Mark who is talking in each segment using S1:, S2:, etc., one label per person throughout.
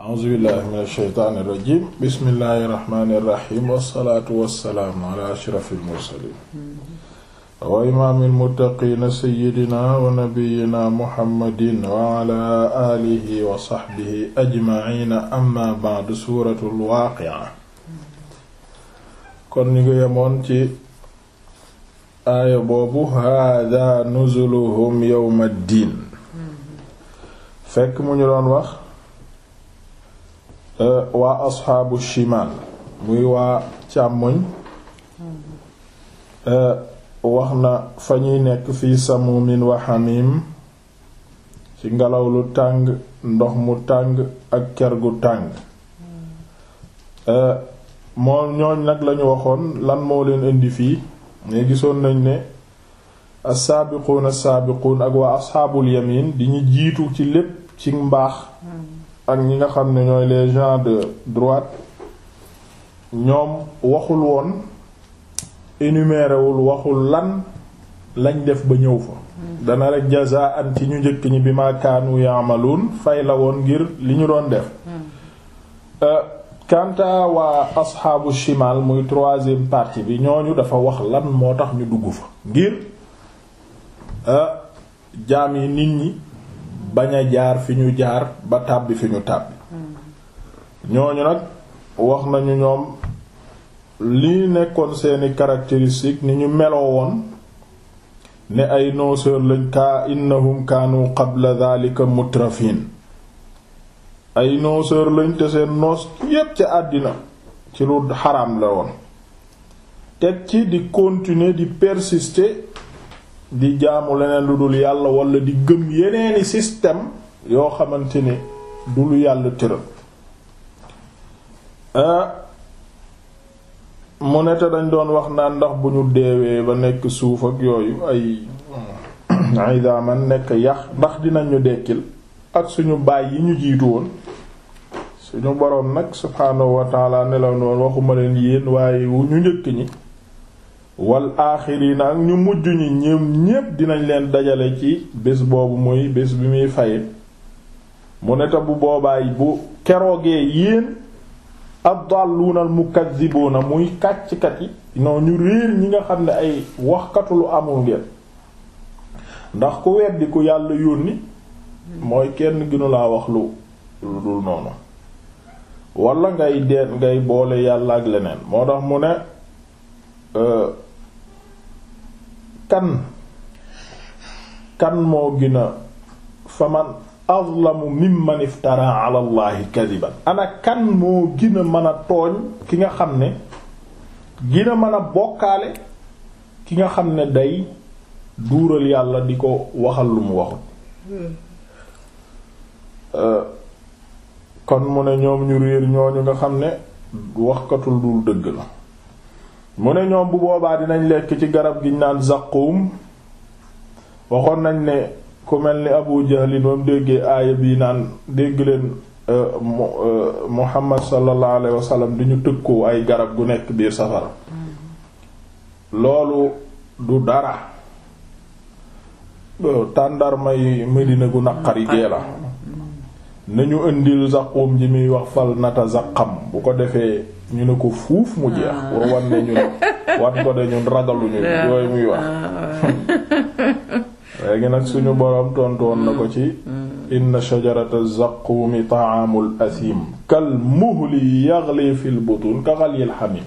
S1: a'uuzu billahi min asheytaani irrajim bismillahi irrahmani irrahim wassalaatu wassalaamu ala ashrafil mursaliin wa imaamil muttaqiina sayyidina wa nabiyyina muhammadin wa ala aalihi wa sahbihi ajmaciina amma ba'du suuratul waaqi'a kon ñu ngi yemoon ci aaya boobu haadaa nuzuluhum yawma ddiin fekk mu ñu doon wax Euh, waa asxaabu shimal muy waa càmmoñ euh, wax na fa ñuy nekk fii samumin wa hamim ci ngelaw lu tàng ndox mu tàng ak ker gu tàng euh, moom ñooñ nag lañu waxoon lan moo leen indi fii ne gisoon nañ ne as-saabiquuna as-saabiquun ak waa asxaabul yamin di ñu jiitu ci lépp ci mbaax hmm. ak ñi nga xam ne ñooy les gens de droite ñoom waxul woon énuméré waxul lan lañ def ba ñëw fa dana rek jazaan ci ñu njëkk ñi bi ma kaanu yaamaluun fay la woon ngir li ñu doon def kanta hmm. euh, waa asxaabu shimal muy troisième partie bi ñooñu dafa wax lan moo tax ñu dugg fa ngir euh, jaam yi nit ñi bañ jaar fi ñu jaar ba tàbbi fi ñu tàbbi ñooñu nag wax nañu ñoom lii nekkoon seeni caractéristiques ni ñu meloo woon ne ay nooseur lañ kaa innahum kaanu qabla dhalika mutrafin ay nooseur lañ te seen noos yépp ca àddina ci lu xaraam la woon teg ci di continuer di persiste di jaamu leneen lu dul yàlla wala di gëm yeneeni système yoo xamante ne du yàlla tëral ah, mu ne dañ doon wax naan ndax bu ñu deewee ba nekk suuf ak yooyu ay ay daaman nekk yax ndax dinañu dekkil ak suñu baay yi ñu jiitu woon suñu boroom nag subhaanahu wa taala ne noonu waxuma leen yéen waaye wu ñu njëkk ñi wal aaxiriina ak ñu mujj ñi ñoom ñépp dinañ leen dajale ci bés boobu muy bés bi muy fay mu ne te bu boobaay bu keroogee yéen ad-dalluuna al-mukazzibuuna muy kàcc-kat yi non ñu réer ñi nga xam ne ay waxkatu lu amul ngeen ndax ku weddi ku yàlla yónni mooy kenn ginu laa wax lu lu dul noonu walla ngay deen ngay boole yàlla ak leneen moo tax mu ne euh, kan kan moo gina a faman azlamu mimman iftara ala allahi kan moo gën a mën a tooñ ki nga xam ne gina a mën bokkaale ki nga xam ne day duural yàlla di ko waxal lu mu waxut kon mu ne ñoom ñu réer ñooñu nga xam ne waxkatul dul dëgg la mu ne ñoom bu boobaa dinañ lekk ci garab giñ naan zaqum waxoon nañ ne ku mel ni Abu Jahlin ba mu déggee aaya bii naan dégg leen euh, euh, Muhammad sallallahu alayhi wa sallam di ñu tëkkoo ay garab gu nekk biir safara loolu du dara euh, tàndarma yi Medina gu naqari gee la mm-hmm. nañu indil zaqum ji muy wax fal nata zaqam bu ko defee ñu ne ko fuuf mu jeex ah. pour wan ne ñun wat ko de ñun ragaluñu yooyu muy wax ah, léegi nag suñu borom tontu woon na ko ci mm. Mm. inna shajarata zaqqumi ta'amul asim kal muhli yaghli fil butun ka ghalyil hamim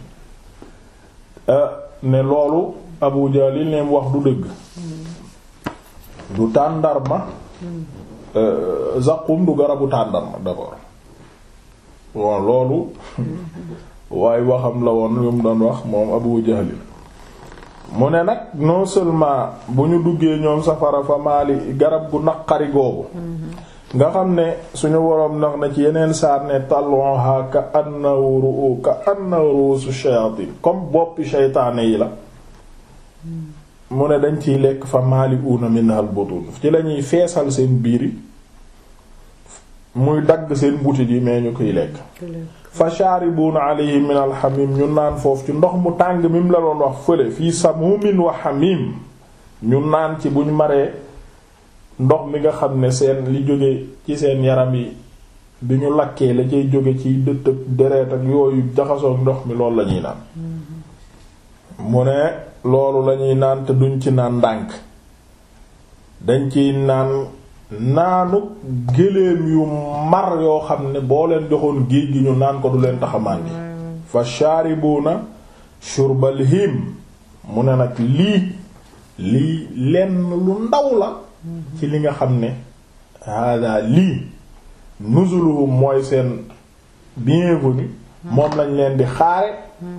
S1: ah, ne loolu Abu Jahl li mu wax du dëgg mm. du tàndarma zaqum du garabu tàndarma d'abord loolu waaye waxam la woon lu mu doon wax moom Abu Jahlin mu ne nag noo seulement bu ñu duggee ñoom safara fa maali garab gu naqari googu nga xam ne suñu woroom nax na ci yeneen saar ne talonha ka annahu ru'u ka annahu ru'usu shayatin comme boppi seytaane yi la mu ne dañ ciy lekk fa maali uuna minhal butun ci lañuy feesal seen biir yi muy dagg seen butit yi mais ñu koy lekk fa shaaribuuna alayhi min alxamim ñu naan foofu ci ndox mu tàng mi mu la doon wax fële fii samumin wa xamim ñu naan ci buñ maree ndox mi nga xam ne seen li jóge ci seen yaram yi bi ñu lakkee la cay jóge ci dëtt ak deret ak yooyu jaxasoog ndox mi loolu lañuy naan mu ne loolu lañuy naan te duñ ci naan ndànk dañ ciy naan naanu géléem yu mar yoo xam ne boo leen joxoon géej gi ñu naan ko du leen tax a màndi fa shaaribuuna shurbal him mu ne nag lii lii leen lu ndaw la ci li nga xam ne hàddaa lii nuzuluhum mooy seen bienvenu moom lañ leen di xaare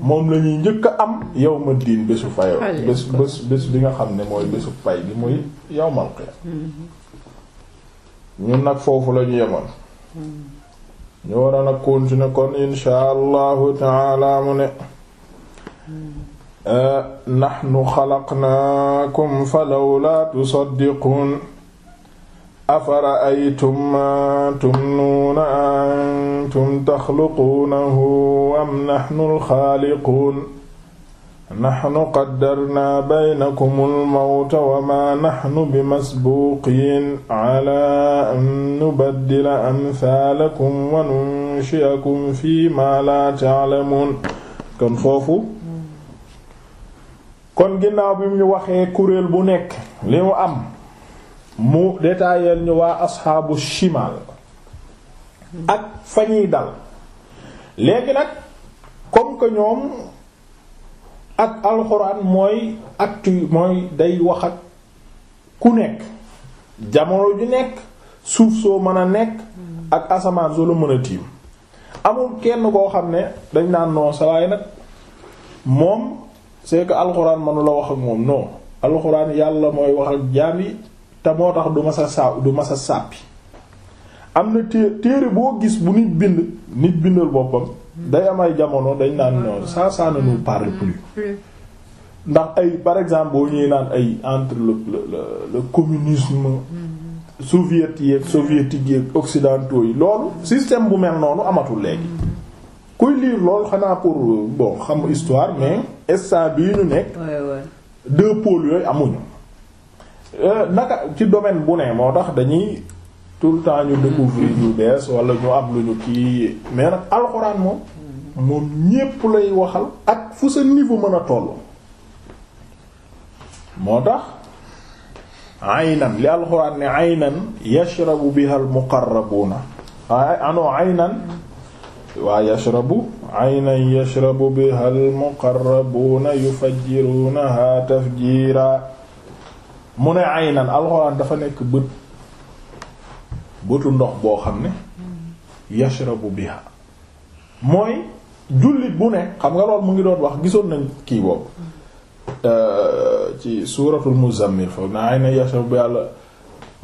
S1: moom lañuy njëkk a am yawma diin bésu fayoo bés bés bés bi nga xam ne mooy bésu pay bi muy yawmal qiyaam ñun nag foofu lañu yemoon ñu war a nag continuer kon insha allahu taala mu ne nahnu xalaqnaakum falawlaa tusaddiquun afara'aytum maa tumnuuna antum taxluquunahu am nahnu alxaaliquun naxnu qaddarnaa baynakumul mawta wa maa naxnu bi masbuuqiin calaa an nubaddila amthaalakum wa nunshiakum fii maa laa ta'lamuun kon foofu kon ginnaaw bi ñu waxee kuréel bu nekk li mu am mu détailleel ñu waa asxaabu shimaal ak fa ñuy dal léegi nag comme que ñoom ak alxuraan mooy actu mooy day wax ak ku nekk jamono ju nekk suuf soo mën a nekk ak asamaan soo la mën a tiim amul kenn koo xam ne dañ naan non salaay nag moom c'est que alxuraan mënu wax ak moom non alxuraan yàlla mooy wax ak jaam yi te moo tax du ma sa saa du ma sa sàppi am na té téere boo gis bu nit bind nit bindal boppam day am ay jamono dañ naan non ça ça ne nous parle plus ndax ay par exemple boo ñuy naan ay entre le le le communisme mm-hmm. soviétique soviétique yeeg occidentaux yi loolu système bu mel noonu amatul léegi. kuy lire loolu xanaa pour bon xam histoire mais instant bii ñu nekk. deux pôles yooyu amuñu. Euh, naka ci domaine bu ne moo tax dañuy tout le temps ñu découvrir yu bees wala ñu am lu ñu kii mais nag alxuraan moom. moom ñépp lay waxal ak fu ni niveau mën a toll moo tax aynan li alxuraan ne aynan yashrabu biha al muqarrabuuna ano aynan waa yashrabu aynan yashrabu biha al muqarrabuuna yufajjiruunaha tafjiira mu ne aynan alxuraan dafa nekk bët bëtu ndox boo xam ne yashrabu biha mooy jullit bu ne xam nga lool mu ngi doon wax gisoon nañ kii boobu euh, ci suuratul muzammil foog naa ay na yashab yàlla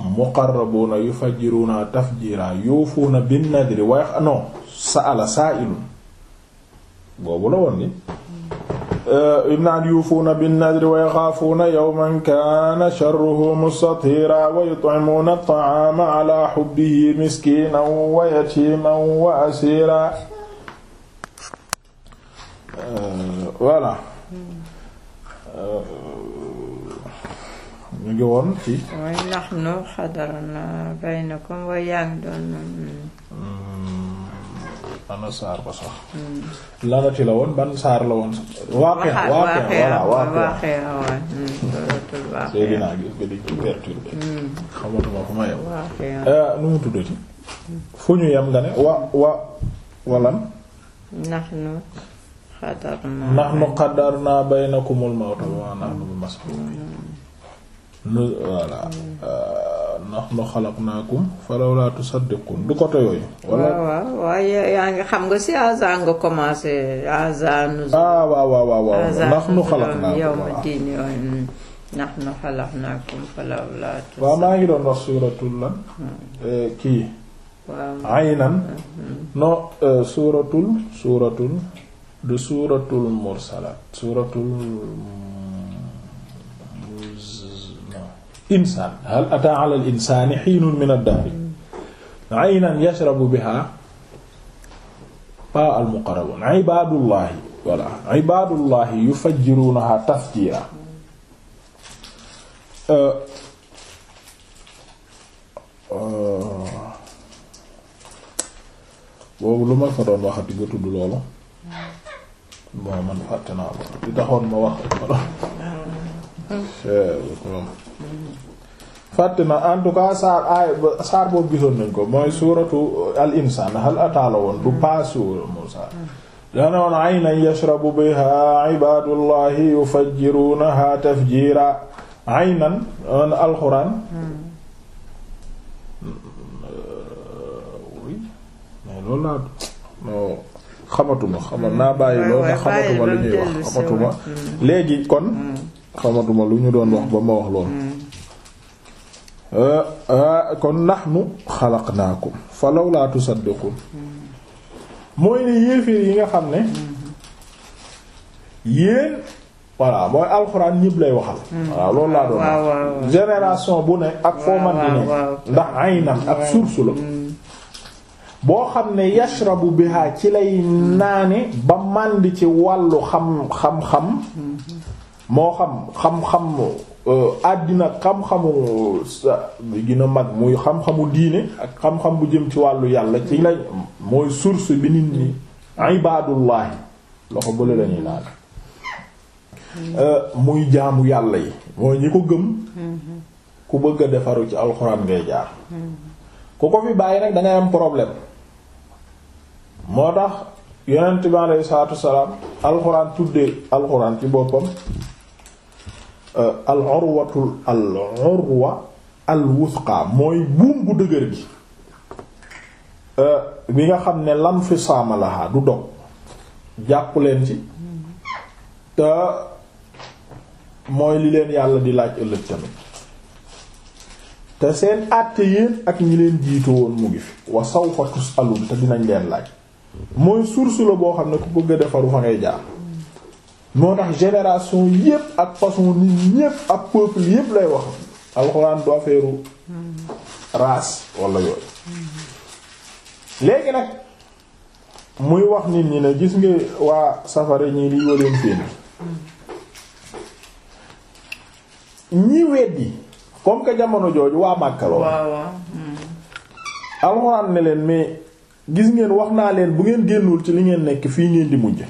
S1: muqarrabuuna yufajjiruuna tafjiraa yuufuuna bin nadri wa non sa'ala saa'ilun boobu la woon ni euh, ibnaan yuufuuna bin nadri wa yaxaafuuna yawman kaana sharruhu mustatira wa yut'imuuna at-ta'aama ala hubbihi miskiinan wa yatiiman wa asiira Euh, voilà euh, euh, ñu ngi woon ci. wa
S2: nahnu hadarna baynakum wa ya'dun. Hmm. ana saar ba sax. Hmm.
S1: lanati la woon ban saar la woon. waaqi' waaqi' voilà waaqi' waaqi' hmm. Seydina gis nga dañ ci perturbé. xamatuma fu ma nu mu tuddati. fu ñu yem nga ne wa wa walan.
S2: nahnu. nahnu
S1: qaddarna baynakumul mawta wa nahnu bi masbuqin du côté yooyu. wala
S2: waaw waaye yaa ngi xam nga si aza nga commencé aza nu. ah waaw waaw waaw nahnu xalaqnaakum yawma hmm. waaw
S1: maa ngi doon wax suuratul lan hmm. euh, kii.
S2: waaw aynan
S1: hmm, non euh, suuratul suuratul. de suuratul mursalaat suuratul insaan hal ataa ala al insaani hiinun min ad-dahri aynan yashrabu biha pa al muqarrabuun ibaadullahi wala ibaadullahi yufajjiruunaha tafjiira boobu lu ma fa doon waxati nga tudd loolu bon man fàtte naa en tout cas saar aay gisoon nañ ko mooy suuratu al insaan hal ataala woon du paas moom saar aynan yashrabu biha ibaadullahi yufajjirunaha tafjiira aynan alxuraan hmm. xamatuma xamat naa bàyyi loolu ndax xamatuma lu ñuy wax xamatuma mm. léegi kon mm. xamatuma lu ñu doon wax ba ma wax loolu mm. euh, euh, kon nahnu xalaqnaakum falaw laa tusaddiqun mooy ne yéeféer yi nga xam ne yéen voilà mooy alxuraan ñëpp lay waxal waaw loolu laa doon génération bu ne ak foo man ndax aynam ak source la boo xam ne yashrabu biha ci lay naane ba màndi ci wàllu xam xam xam moo xam xam-xam euh, àddina xam-xamu gën a mag muy xam-xamu diine ak xam-xam bu jëm ci wàllu yàlla ci lañ mooy source bi nit ñi ibaadullahi loxo bële lañuy laal euh, muy jaamu yàlla yi mooy ñi ko gëm ku bëgg a defaru ci alxuraan ngay jaar ku ko fi bàyyi nag dangay am problème moo tax yonent bi aleyhi salaatu wasalaam alxuraan tuddee alxuraan ci boppam euh, al urwatul al urwa mooy buum bu dëgër gi euh, bi nga xam ne lan fi saama du dog jàpp leen ci te mooy li leen yàlla di laaj ëllëg tamit te seen àtte yéen ak ñi leen jiitu woon mu ngi fi wa sawfa tusalun te dinañ leen laaj mooy source la boo xam ne ku bëgg a defaru fa ngay jaar moo tax génération yépp ak façon nit ñépp ak peuple yépp lay wax alxuraan du affaire race wala yooyu léegi nag muy wax nit ñi ne gis nga waa safara ñii li yoleen fénn ñi weddi comme que jamono jooju waa Màkka la hmm. alxuraan ne leen mais gis ngeen wax naa leen bu ngeen génnul ci li ngeen nekk fii ngeen di mujj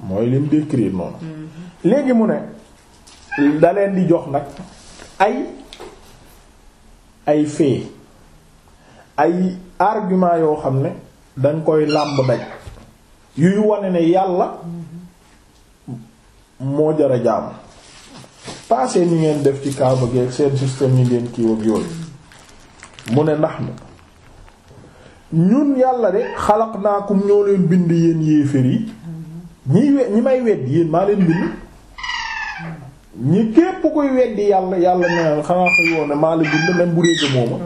S1: mooy lim décrire noonu mhm. léegi mu ne da leen di jox nag ay ay fee ay argument yoo xam ne danga koy làmb daj yuy wane ne yàlla mhm. moo jara jaamu passé ni ngeen def ci kaaba gi ak seen système yi ngeen kiiwag yooyu mhm. mu ne nax na ñun yàlla de xalaqnaakum ñoo leen bind yéen yéeféer yi ñiy we ñi may weddi yéen maa leen bind ñi képp koy weddi yàlla yàlla ne xanaa xëy woon maa la bind même bu dee gëmoo ma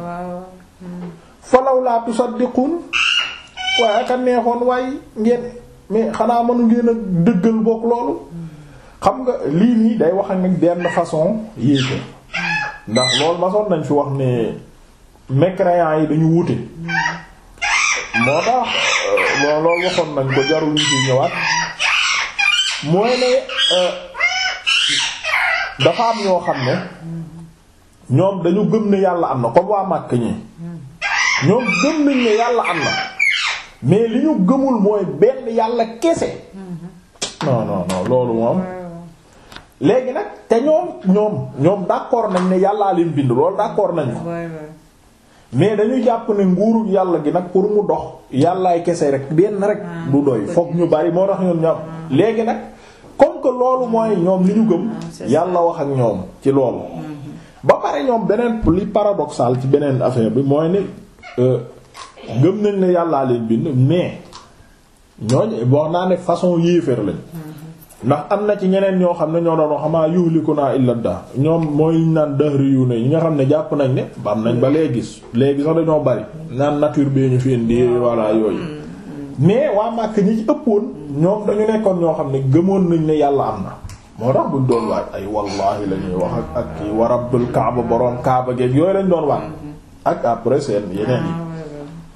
S1: falaw laa tusaddiqun waaye aka neexoon waaye ngeen mais xanaa mënu ngeen a dëggal bokk loolu xam nga lii nii day wax ak benn façon yéefe ndax loolu masoon nañ fi wax ne mécréants yi dañu wute moo tax bon euh, loolu waxoon nañ ko jarul ñu ci ñëwaat mooy ne euh, dafa am ñoo xam ne ñoom dañu gëm ne yàlla am na comme waa Màkk ñi ñoom gëm nañ ne yàlla am na mais li ñu gëmul mooy benn yàlla kese non non non loolu moom léegi nag te ñoom ñoom ñoom d'accord nañ ne yàllaa bind loolu d'accord nañ mais dañuy jàpp ne nguuru yàlla gi nag pour mu dox yàllaay kese rek benn rek ah, du doy fokk ñu bari moo tax ñoom ñoom ah. léegi nag comme que loolu mooy ñoom li ñu gëm ah, yàlla wax ak ñoom ci loolu mm-hmm. ba pare ñoom beneen li paradoxal ci beneen affaire bi mooy ne euh, gëm nañ ne yàllaa leen bind mais ñooñ wax naa ne façon yéeféer lañ mm-hmm. ndax am na ci ñeneen ñoo xam ne ñoo doon wax xamaa yuuliku naa illa da ñoom mooy naan dëhëri yu ne ñi nga xam ne jàpp nañ ne ba am nañ ba léegi léegi sax dañoo bari naan nature bee ñu fi indi walla yooyu mais waa màkk ñi ci ëppoon ñoom dañu nekkoon ñoo xam ne gëmoon nañ ne yàlla am na moo tax buñ doon waaj ay wallahi la ñuy wax ak ak wa rabbul kaaba boroom kaaba geeg yooyu lañ doon waaj ak après seen yeneen yi ah,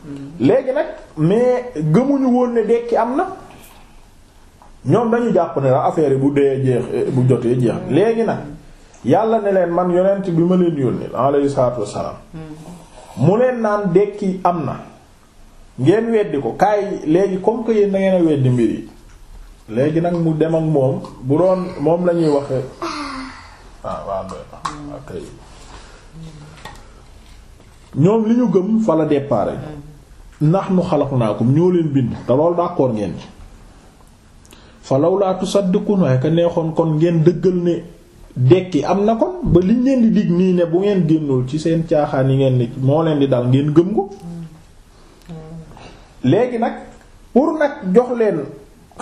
S2: hmm. léegi nag
S1: mais gëmuñu woon ne dekki am na ñoom dañu jàpp ne la affaire yi bu dee jeex eh, bu jotee jeex léegi nag yàlla ne leen man yonent bi ma leen yónni alayhi salaatu wassalaam
S2: hmm.
S1: mu leen naan dekki am na ngeen weddi ko kaay léegi comme que yéen da a weddi mbir yi léegi nag mu dem ak moom bu doon moom la ñuy waxe ah waaw kay ñoom li ñu gëm fa la départ. Hmm. ndax nu xalaqnaakum ñoo leen bind te loolu d'accord ngeen ci fa lawlaa tusaddiqun waaye ka neexoon kon ngeen dëggal ne dekki am na kon ba liñ leen di dig nii ne bu ngeen génnul ci seen caaxaan yi ngeen ni moo leen di dal ngeen gëm ko léegi nag pour nag jox leen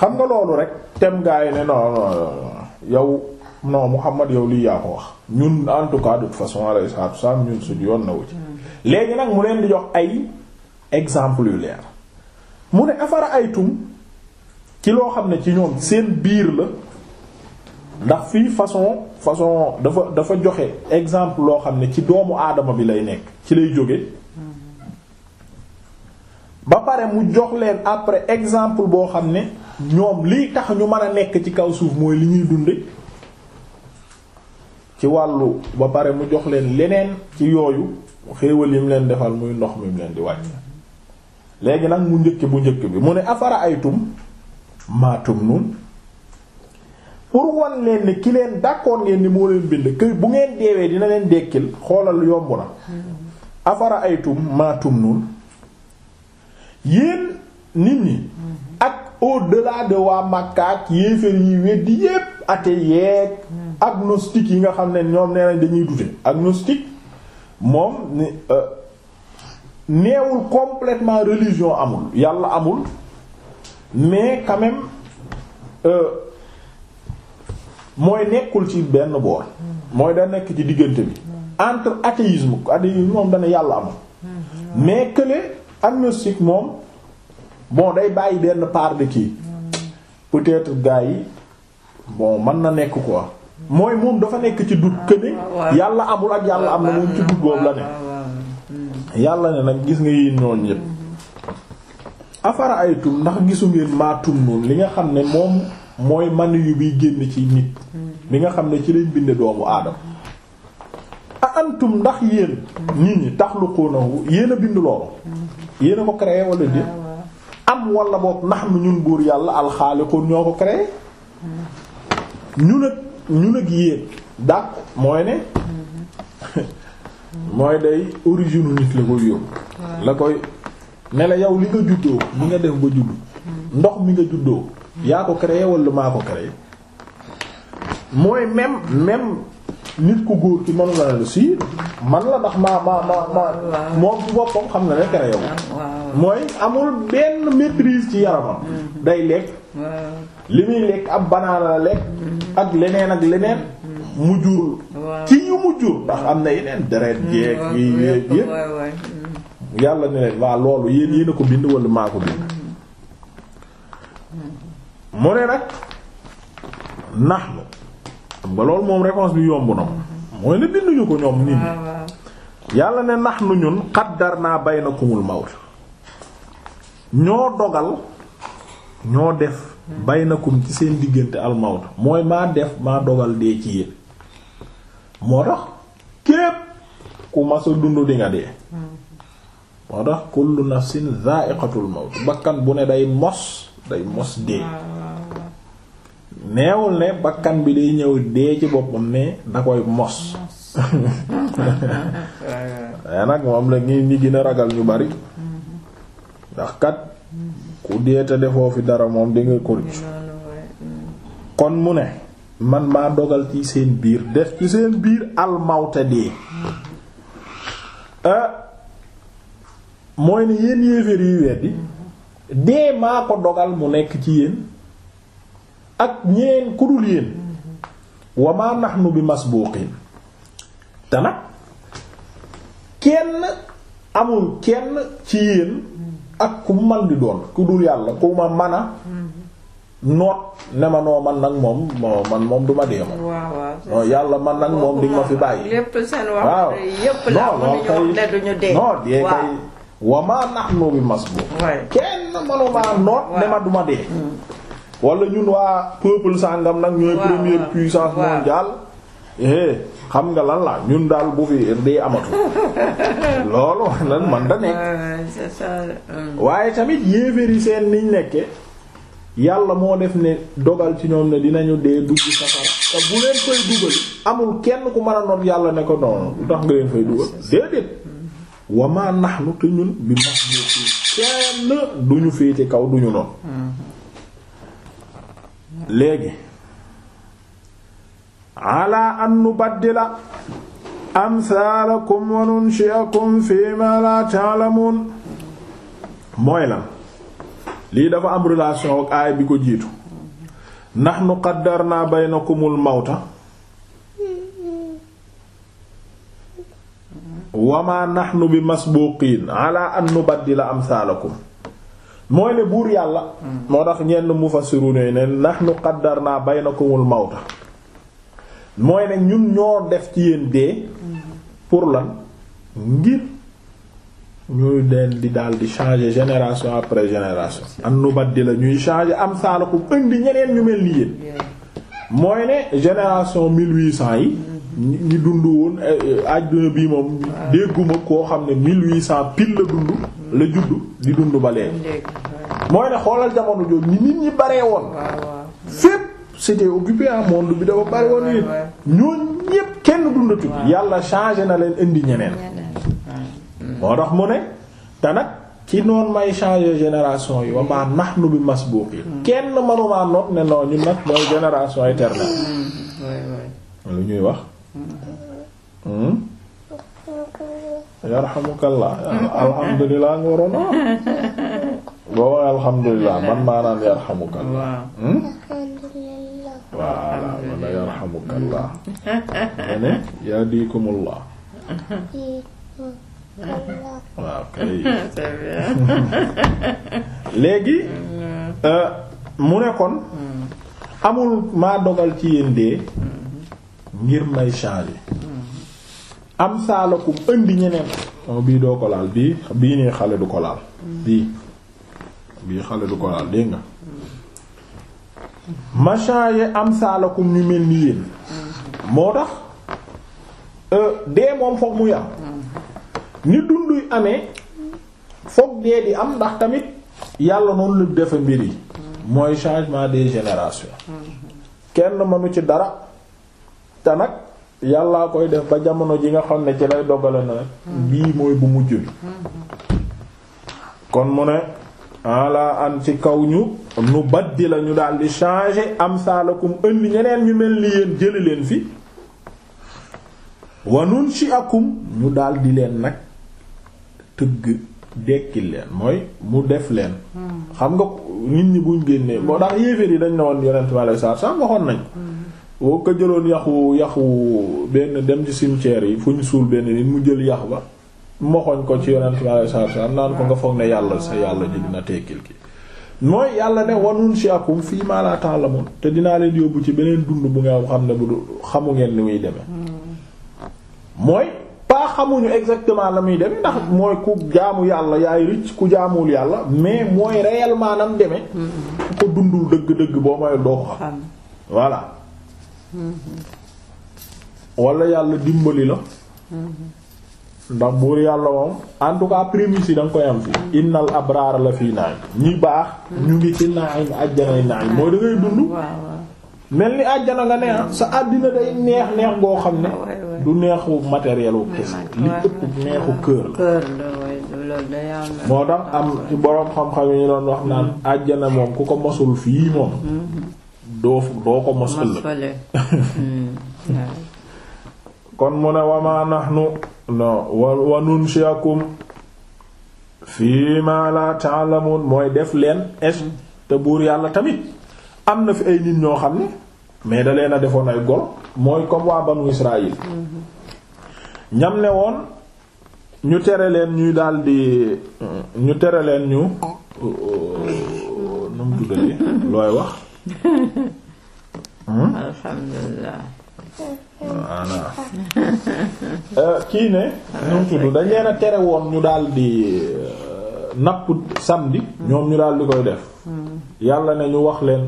S1: xam nga loolu rek tem gaa yi ne non yow non Muhammad yow lii yaa ko wax ñun en tout cas du toute façon alayhi salaatu wasallam ñun suñu yoon naw ci léegi nag mu leen di jox ay exemple yu leer mu ne afara aytum ci loo xam ne ci ñoom seen biir la ndax fii façon façon dafa dafa joxe exemple loo xam ne ci doomu aadama bi lay nekk ci lay jóge ba pare mu jox leen après exemple boo xam ne ñoom liy tax ñu man a nekk ci kaw suuf mooy li ñuy dunde ci wàllu ba pare mu jox leen leneen ci yooyu xéewal yim leen defal muy ndox mi mu leen di wàññi léegi nag mu njëkk bu njëkk bi mu ne afara aytum maatum nun pour wan leen ni ki leen d'accord ngeen ni moo leen bind kër bu ngeen deewee dina leen dekkil xoolal yomb na afara aytum maatum nun yéen nit ñi ak au-delà de waa Makka ak yéeféer yi weddi yépp athée yeeg agnostique yi nga xam ne ñoom nee nañ dañuy dute agnostique moom euh, neewul complètement religion amul yàlla amul mais quand euh, mooy nekkul ci benn boor mooy da nekk ci diggante bi entre athéisme athéisme moom dana yàlla amul mais que agnostique moom bon day bàyyi benn part de kii peut-être gars yi bon mën na nekk quoi mooy moom dafa nekk ci dut que ah, yàlla amul ak yàlla am na moom ci dut boobu la ne yàlla ne nag gis nga yéen ñooñu yépp afara ay tum ndax gisu ngeen maa tum noonu li nga xam ne moom mooy man yu biy génn ci nit li nga xam ne ci lay binde doomu aadama a antum ndax yéen nit ñi tax lu xóonawu yéen a binduloo loolu yéen a ko créé wala ah, am wala boog ndax mi ñun buur yàlla alxaaliqun ko créé ñu nag ñu nag yéen dàq mooy ne mm-hmm. mooy day origine nit la koy yóbbu la koy ne la yow li nga juddoo li nga def ba juddu ndox mi nga juddoo yaa ko créé wala maa ko créé mooy même même nit ku góor ci mënu la la si man la ndax ma ma ma moom ci boppam xam ne créé wu mooy amul benn maîtrise ci yaramam mm-hmm. day lekk li muy lekk ab banaana la lekk mm-hmm. ak leneen ak leneen mu jur ci yu mu jur ndax am na yeneen deret mm-hmm. jeeg yi yëpp yàlla ne loolu yéen yéen ko bind wala maa ko bind nax nu xam nga loolu moom réponse bi yomb na mooy ne binduñu ah, ne nax nu xaddar naa bay na kumul mawt ñoo dogal ñoo def bay na kum ci seen diggante almawt mooy maa def maa dogal dee ci yéen moo tax képp ku ma sa dund di nga dee hmm. moo tax kullu nafsin dha'iqatul mawt bakkan bu ne day mos day mos dee neewul ne bakkan bi day ñëw dee ci boppam ne da koy mos waaye nag moom la ngi ñi gën ragal ñu bari ndax kat ku dee te defoo fi dara moom di nga kon mu ne man maa dogal ci seen biir def ci seen biir almawta dee ah, mooy ne yéen yéeféer yuy weddi dee maa ko dogal mu nekk ci yéen ak ñeen ku dul yéen wa ma nahnu bi masbuqin te nag kenn amul kenn ci yéen ak ku man di doon ku dul yàlla ku ma man a noot ne ma noo man nag moom man moom du dee moom.
S2: waaw yàlla man nag moom di ma fi bàyyi. lépp seen wax yépp la. non
S1: wa ma nahnu bi masbuq
S2: kenn manumaa
S1: noot ne ma duma dee mm. wala ñun waa peuple sangam nag ñooy première puissance mondiale eh xam nga lan la ñun daal bu fi dee amatu loolu lan man da nekk euh. waaye tamit yéeféri seen niñ nekke yàlla moo def ne dogal ci ñoom ne dinañu dee dugg safara te bu leen fay dugal amul kenn ku mën a noot yàlla ne ko noonu lu tax nga leen fay dugal déedéet wa ma nahnu te ñun bi maxluuqin kenn duñu féete kaw duñu noonu léegi ala an nubaddila amsaalakum wa nunshiakum fi ma la ta'lamun mooy lan lii dafa am relation ak aay bi ko jiitu nahnu qaddarna baynakumul mawta wama nahnu bi masbuqin ala an am amsaalakum mooy ne buur yàlla moo tax ñenn mufassiru ne ne nahnu qaddarna baynakumul mawta mooy ne ñun ñoo def ci yéen dee pour lan ngir ñuy deen di daal di changer génération après génération an la ñuy changer amsaalakum indi ñeneen ñu mel ni yéen mooy ne génération 1800 yi ñi dund woon àdduna eh, eh, bi moom dégguma koo xam ne mille huit cent pile la dund la judd di dund ba léegi mooy ne xoolal jamono jooju ni nit ñi baree woon fépp c'était occupé ah, monde bi dafa bari woon nit ñooñ ñépp kenn dundatu yàlla changé na leen indi ñeneen moo tax mu ne te ci noonu may changer génération yi wa maa nahnu bi masbuqin hmm. kenn mënuma noot ne non ñun nag mooy génération éternelle
S2: hmm. lu ñuy wax Hmm?
S1: yarhamukallah alhamdulilah nga waroon a boo waxee alhamdulilah man maanaan yarhamukallah hmm?
S2: voilà man
S1: yarhamukallah mane yahdikumullah léegi
S2: mm.
S1: euh, mu ne kon mm. amul maa dogal ci yéen ngir may changer am saalakum indi ñeneen o oh, bii doo ko laal bii bii nee xale du ko laal bii bii xale du ko laal dégg ma changer am saalakum ñu mel ni yéen moo tax euh, dee moom foog muy am ni dunduy amee foog dee di am ndax tamit yàlla noonu lu defe mbir yi mooy changement des génération kenn mënu ci dara te nag yàllaa koy def ba jamono ji nga xam ne ci lay dogale na bii mooy bu mujj bi kon mu ne ala an ci kaw ñu nu baddi la ñu daal di changer am saalakum indi ñeneen ñu mel ni yéen jëli leen fii wanun si akum ñu daal leen nag tëgg dekkil leen mooy mu def leen hmm. xam nga nit ñi buñ génnee boo tax yéeféer yi dañ ne woon yonent bi sallallahu alayhi wasallam waxoon nañ woo ko jëloon yaxu yaxu benn dem ci cimetière yi fu ñu suul benn nit mu jël yax ba moxoñ ko ci yonent bi sallallahu alayhi wasallam naan ko nga foog ne yàlla sa yàlla ji dina tekkil ki mooy yàlla ne wanun si akum fii maa laa ta'lamun te dinaa leen yóbbu ci beneen dund bu nga xam ne bu xamu ngeen ni muy demee mooy pas xamuñu exactement la muy demee ndax mooy ku jaamu yàlla yaay ricc ku jaamuwul yàlla mais mooy réellement nam demee mm-hmm. ku ko dundul dëgg-dëgg boo may doo walla yàlla dimbali la ndax buur yàlla moom en tout cas prémices yi da nga koy am fii innal abraar la fii naay ñi baax ñu ngi ci naay ajjanay naay mooy da ngay dund mel ni àjjana nga neex ah, sa àddina day neex neex goo xam ne du neexu matériel wu kese li ëpp neexu kër la moo tax am boroom xam-xam yi ñu doon wax naan àjjana moom ku ko mosul fii moom mm-hmm. doo doo ko mos
S2: ëllëg hmm.
S1: kon mu ne wama nahnu no wa nunshiakum fii ma la ta'lamun mooy def leen est te buur yàlla tamit am na fi ay nit ñoo xam ne mais da leen a defoon ay gol mooy comme waa banu Israël hmm. ñam ne woon ñu tere leen ñuy daldi ñu tere leen ñu euh, looy wax alhamdulilah. Euh, kii ne. ñu ngi dañ leen a tere woon ñu daal di euh, napp samedi. Hmm. ñoom ñu daal di koy def. Hmm. yàlla ne ñu wax leen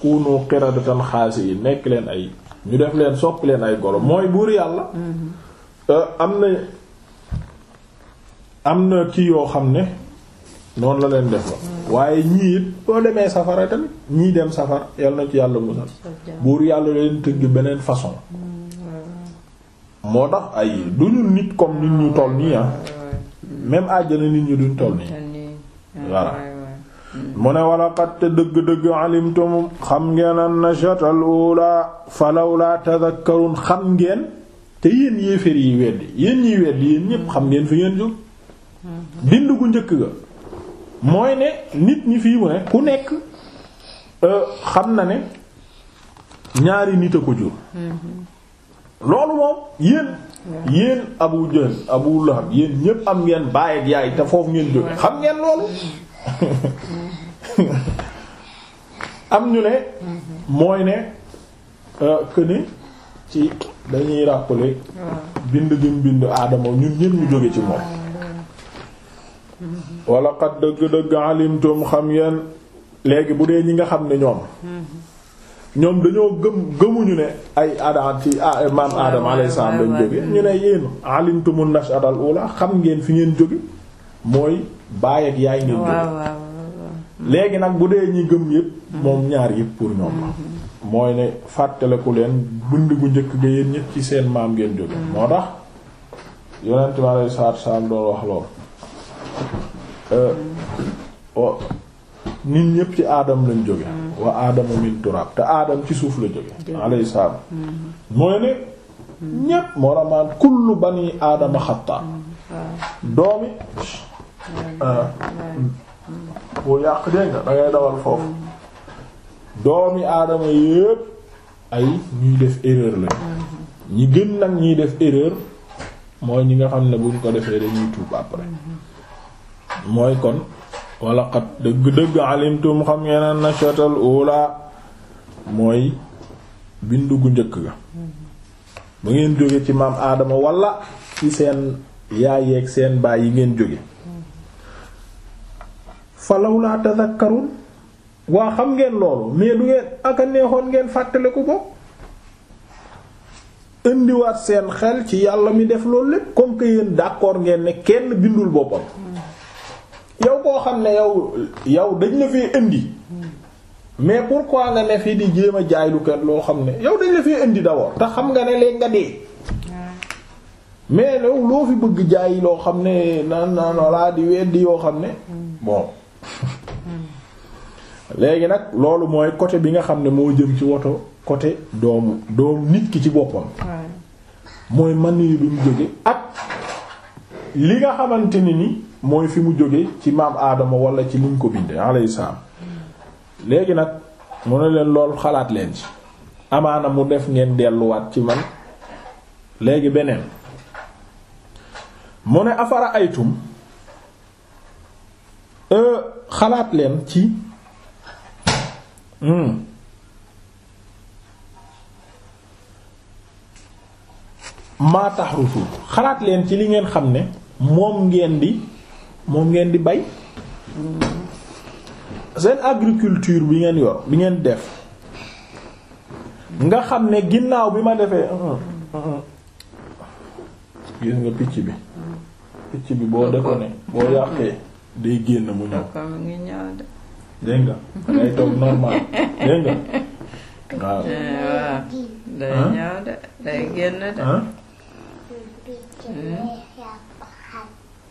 S1: kunu qiradatan xaasi yi nekk leen ay ñu def leen soppi leen ay golo mooy buur yàlla. Hmm. Euh, am na am na kii yoo xam ne. noonu la leen def la waaye ñii it boo demee safara tamit ñii dem safara yal na ci yàlla musal buur yàlla leen tëgg beneen façon moo tax ay duñu nit comme nit ñu toll nii ah même àjjana nit ñu duñ toll nii voilà mu ne wala xat te dëgg-dëgg alimtum xam ngeen an nashatal ula falawla tadhakkarun xam ngeen te yéen yéeféer yi weddi yéen ñiy weddi yéen ñépp xam ngeen fi ngeen jóg bind gu njëkk ga mooy ne nit ñi fii mu ne ku nekk euh, xam na ne ñaari nit a ko jur
S2: mm-hmm.
S1: loolu moom yéen yéen Abu Jahl Abu Lahab yéen ñépp am ngeen baay yaay te foofu ngeen jóge xam ngeen loolu mm-hmm. am ñu ne mm-hmm. mooy ne euh, que ci dañuy rappeler bind gi mu bind aadama ñun ñépp ñu jóge ci moom wala qad dëgg-dëgg alimtum xam yeen léegi bu dee ñi nga xam ne ñoom ñoom dañoo gëm gëmuñu ne ay adam ci maam adam alayhi salaam lañ jóge ñu ne yéen alimtumun nash'atal ula xam ngeen fi ngeen jóge mooy baay ak yaay ngeen jóge
S2: hmm.
S1: léegi nag bu dee ñi gëm yépp hmm. moom ñaar yépp pour ñoom la hmm. mooy ne fàttaleku leen dund bu njëkk ga yéen ñépp ci seen maam ngeen jóge moo tax yonent bi alayhi salaatu doon wax lool nit euh, ñépp ci aadam lañ jóge wa aadama min turab te aadam ci suuf la jóge alayhi salaam
S2: mm-hmm.
S1: mooy ne ñépp moo ramaan kullu bani aadama xataa
S2: mm-hmm.
S1: doomi ah. boo yàq dégg nga dangay dawal foofu mm-hmm. doomi aadama yépp ay ñuy def erreur la ñi gën nag ñiy def erreur mooy ñi nga xam ne buñ ko defee dañuy tuub après mooy kon walla xat dëgg-dëgg mu xam ngeen na nashatal ula mooy bindu gu njëkk ga ba ngeen jóge ci maam aadama walla ci seen yaay yeeg seen baay yi ngeen jóge fa lawla tadhakkarun waa xam ngeen loolu mais du ngeen aka neexoon ngeen fàttaliku ko indiwaat seen xel ci yàlla mi def loolu lépp comme que yéen d'accord ngeen ne kenn bindul boppam yow koo xam ne yow yow dañ la fee indi mais pourquoi nga ne fi di jéem a jaay loo xam ne yow dañ la fee indi d'abord te xam nga ne léegi nga dee mais low loo fi bëgg jaay loo xam ne naan naan walla di weddi yoo xam ne mm. bon mm. léegi nag loolu mooy côté bi nga xam ne moo jëm ci woto côté doomu doomu nit ki ci boppam mooy man yi bi mu jóge ak li nga xamante ni ni mooy fi mu jóge ci maam aadama wala ci liñ ko bindee alayhi salaam léegi nag mu ne leen lool xalaat leen ci amaana mu def ngeen delluwaat ci man léegi beneen mu ne afara aytum euh, xalaat leen ci hmm. maa tax rusul xalaat leen ci li ngeen xam ne moom ngeen di moom ngeen di bay seen agriculture bi ngeen yor bi ngeen def nga xam ne ginnaaw bi ma defee uh, uh, uh. gis nga picc bi picc bi boo de boo yàqee day génn mu ñëw dégg
S2: nga toog normal dégg eh, waaw day ñëw de day génn de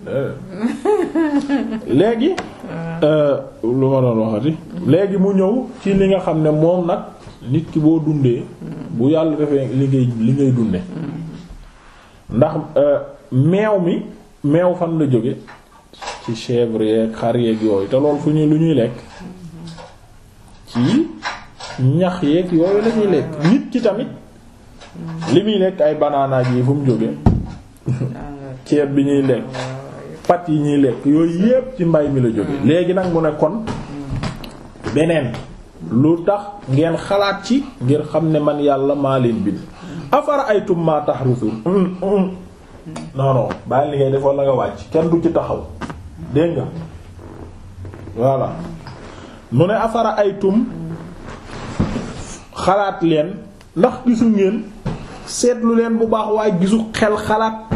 S2: Euh. léegi
S1: euh, lu ma doon waxati léegi mu ñëw ci li nga xam ne moom nag nit ki boo dundee bu yàlla defee li ngay li ngay dunde ndax euh, meew mi meew fan la jóge ci chèvre yeeg xar yeeg yooyu te lool fu ñuy lu ñuy lekk ci ñax yeeg yooyu la lekk nit ki tamit li muy lekk ay banaana ji fu mu jóge ceeb bi ñuy lekk pat yi ñuy lekk yooyu yépp ci mbay mi la jóge mm. léegi nag mu ne kon beneen lu tax ngeen xalaat ci ngir xam ne man yàlla maa leen bind mm. afara ay tum maa tax rusul mm, non bàyyi li ngay def walla nga wàcc kenn du ci taxaw dégg nga mu ne afara ay tum xalaat leen ndax gisu ngeen seetlu leen bu baax waaye gisu xel xalaat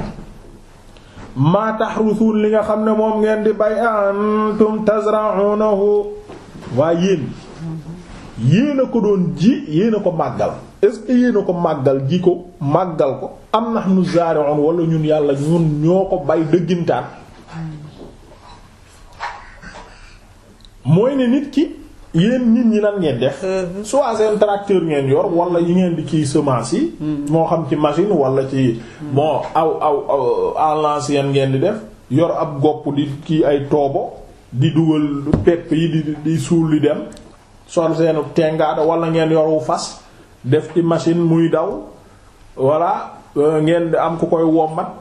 S1: maa tahrusuun li nga xam ne moom ngeen di bay antum tazra'unahu waa yéen yéen a ko doon ji yéen a ko màggal est yéen a ko màggal ji ko màggal ko am na nahnu zari'un wala ñun yàlla ñun ñoo ko bay dëggintaan mooy ne nit ki yéen nit ñi nan ngeen def mm-hmm. soit seen tracteur ngeen yor wala yi ngeen di kii semence yi mm-hmm. moo xam ci machine wala ci mm-hmm. bon aw aw à l'ancienne ngeen di def yor ab gopp di kii ay toobo di dugal pepp yi di di suul di dem sol seen tengaada wala ngeen yor wu fas def ci machine muy daw voilà euh, ngeen am ku koy kii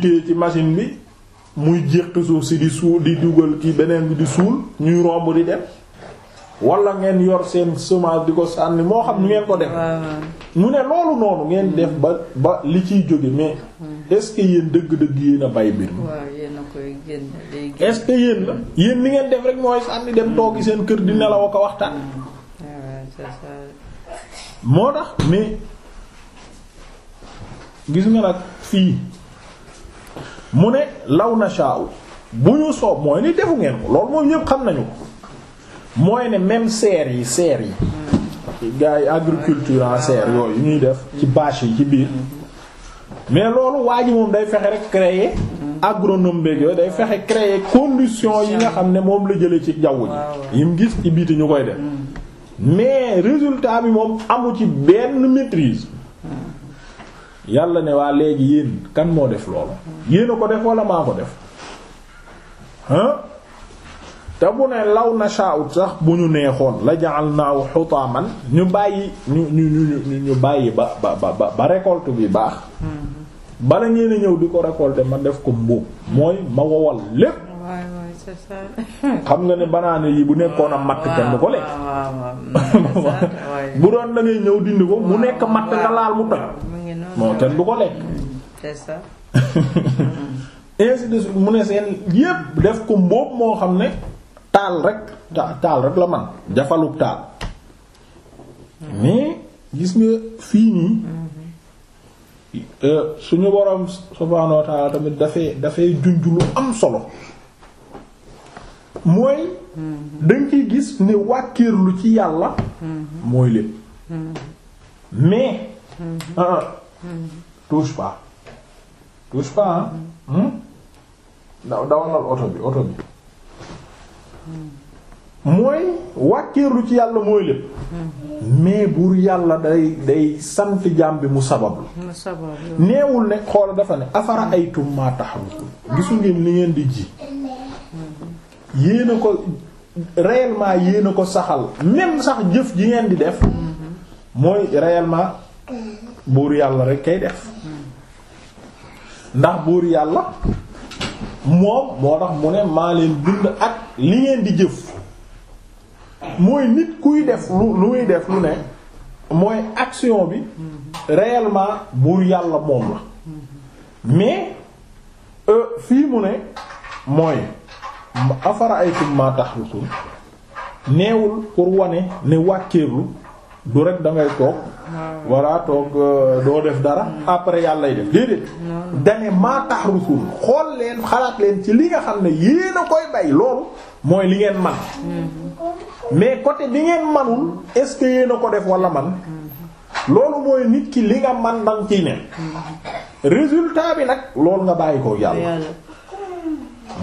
S1: kiitee ci machine bi muy jéqi suuf si di suul di dugal ci beneen bi di suul ñuy romb di dem wala ngeen yor seen semence di ko sànni moo xam ni ngeen ko def mu ne loolu noonu ngeen def ba ba li ciy jóge mais hmm. est-ce yéen dëgg-dëgg yéen bay mbir
S2: mi
S1: est-ce que yéen la yéen li ngeen def rek mooy sànni dem toogi seen kër di nelaw ko waxtaan
S2: hmm.
S1: moo tax mais gis nga nag fii mu ne law na shaaw bu ñu soob mooy ni defu ngeen ko loolu moom yëpp xam nañu ko mooy ne même serre yi serre yi gars yi agriculture en serre yooyu ñuy def ci bâche yi ci biir mais loolu waa ji moom day fexe rek créer agronome beeg yooyu day fexe créer condition yi nga xam ne moom la jëlee ci jaww ji yim gis ci biiti ñu koy def hmm. mais résultat bi moom amu ci benn maîtrise yàlla ne waa léegi yéen kan moo def loolu yéen a ko def wala maa ko def te bu ne law nashaa'u sax bu ñu neexoon la ja'alnaahu hutaaman ñu bàyyi ñu ñu ñu ñu bàyyi ba ba ba ba récolte bi baax. Mm-hmm. bala ngeen a ñëw di ko récolter ma def ko mbuub mooy ma wowal nga ne banaane yi bu nekkoon a matt kenn du ko ñëw dindi ko mu nekk matt nga laal mm, def ko mbuub moo xam ne. taal rek taal rek la man jafalub taal mais gis nga fii nii euh, suñu borom subhaanahu wa ta'ala tamit dafay dafay junj lu am solo mooy danga ciy gis ne wàkkiirlu ci yàlla mooy lépp mais ah touche pas touche pas hmm? dawalal oto bi oto bi mooy wàkkiirlu ci yàlla mooy lépp mais buur yàlla day day sant jaam bi mu sabab
S2: la neewul
S1: ne xoola dafa ne afara aytum maa taxrusun gisu ngeen li ngeen di ji yéen a ko réellement yéen a ko saxal même sax jëf ji ngeen di def mooy réellement buur yàlla rek kay def ndax buur yàlla moom moo tax mu ne maa leen bind ak li ngeen di jëf mooy nit kuy def lu lu muy def lu ne mooy action bi réellement buur yàlla moom la mais euh, fii mu ne mooy afara aytum ma taxluqun neewul pour wone ne wàkkeerlu du rek da ngay toog voilà toog euh, doo def dara mm. après yàlla lay def déedéet dane maa tax rusul xool leen xalaat leen ci li nga xam ne yéen a koy bay loolu mooy li ngeen man
S2: mm-hmm.
S1: mais côté bi ngeen manul est ce que yéen a ko def wala man mm-hmm. loolu mooy nit ki li nga man dang ciy nen
S2: mm-hmm.
S1: résultat bi nag loolu nga bàyyi ko yàlla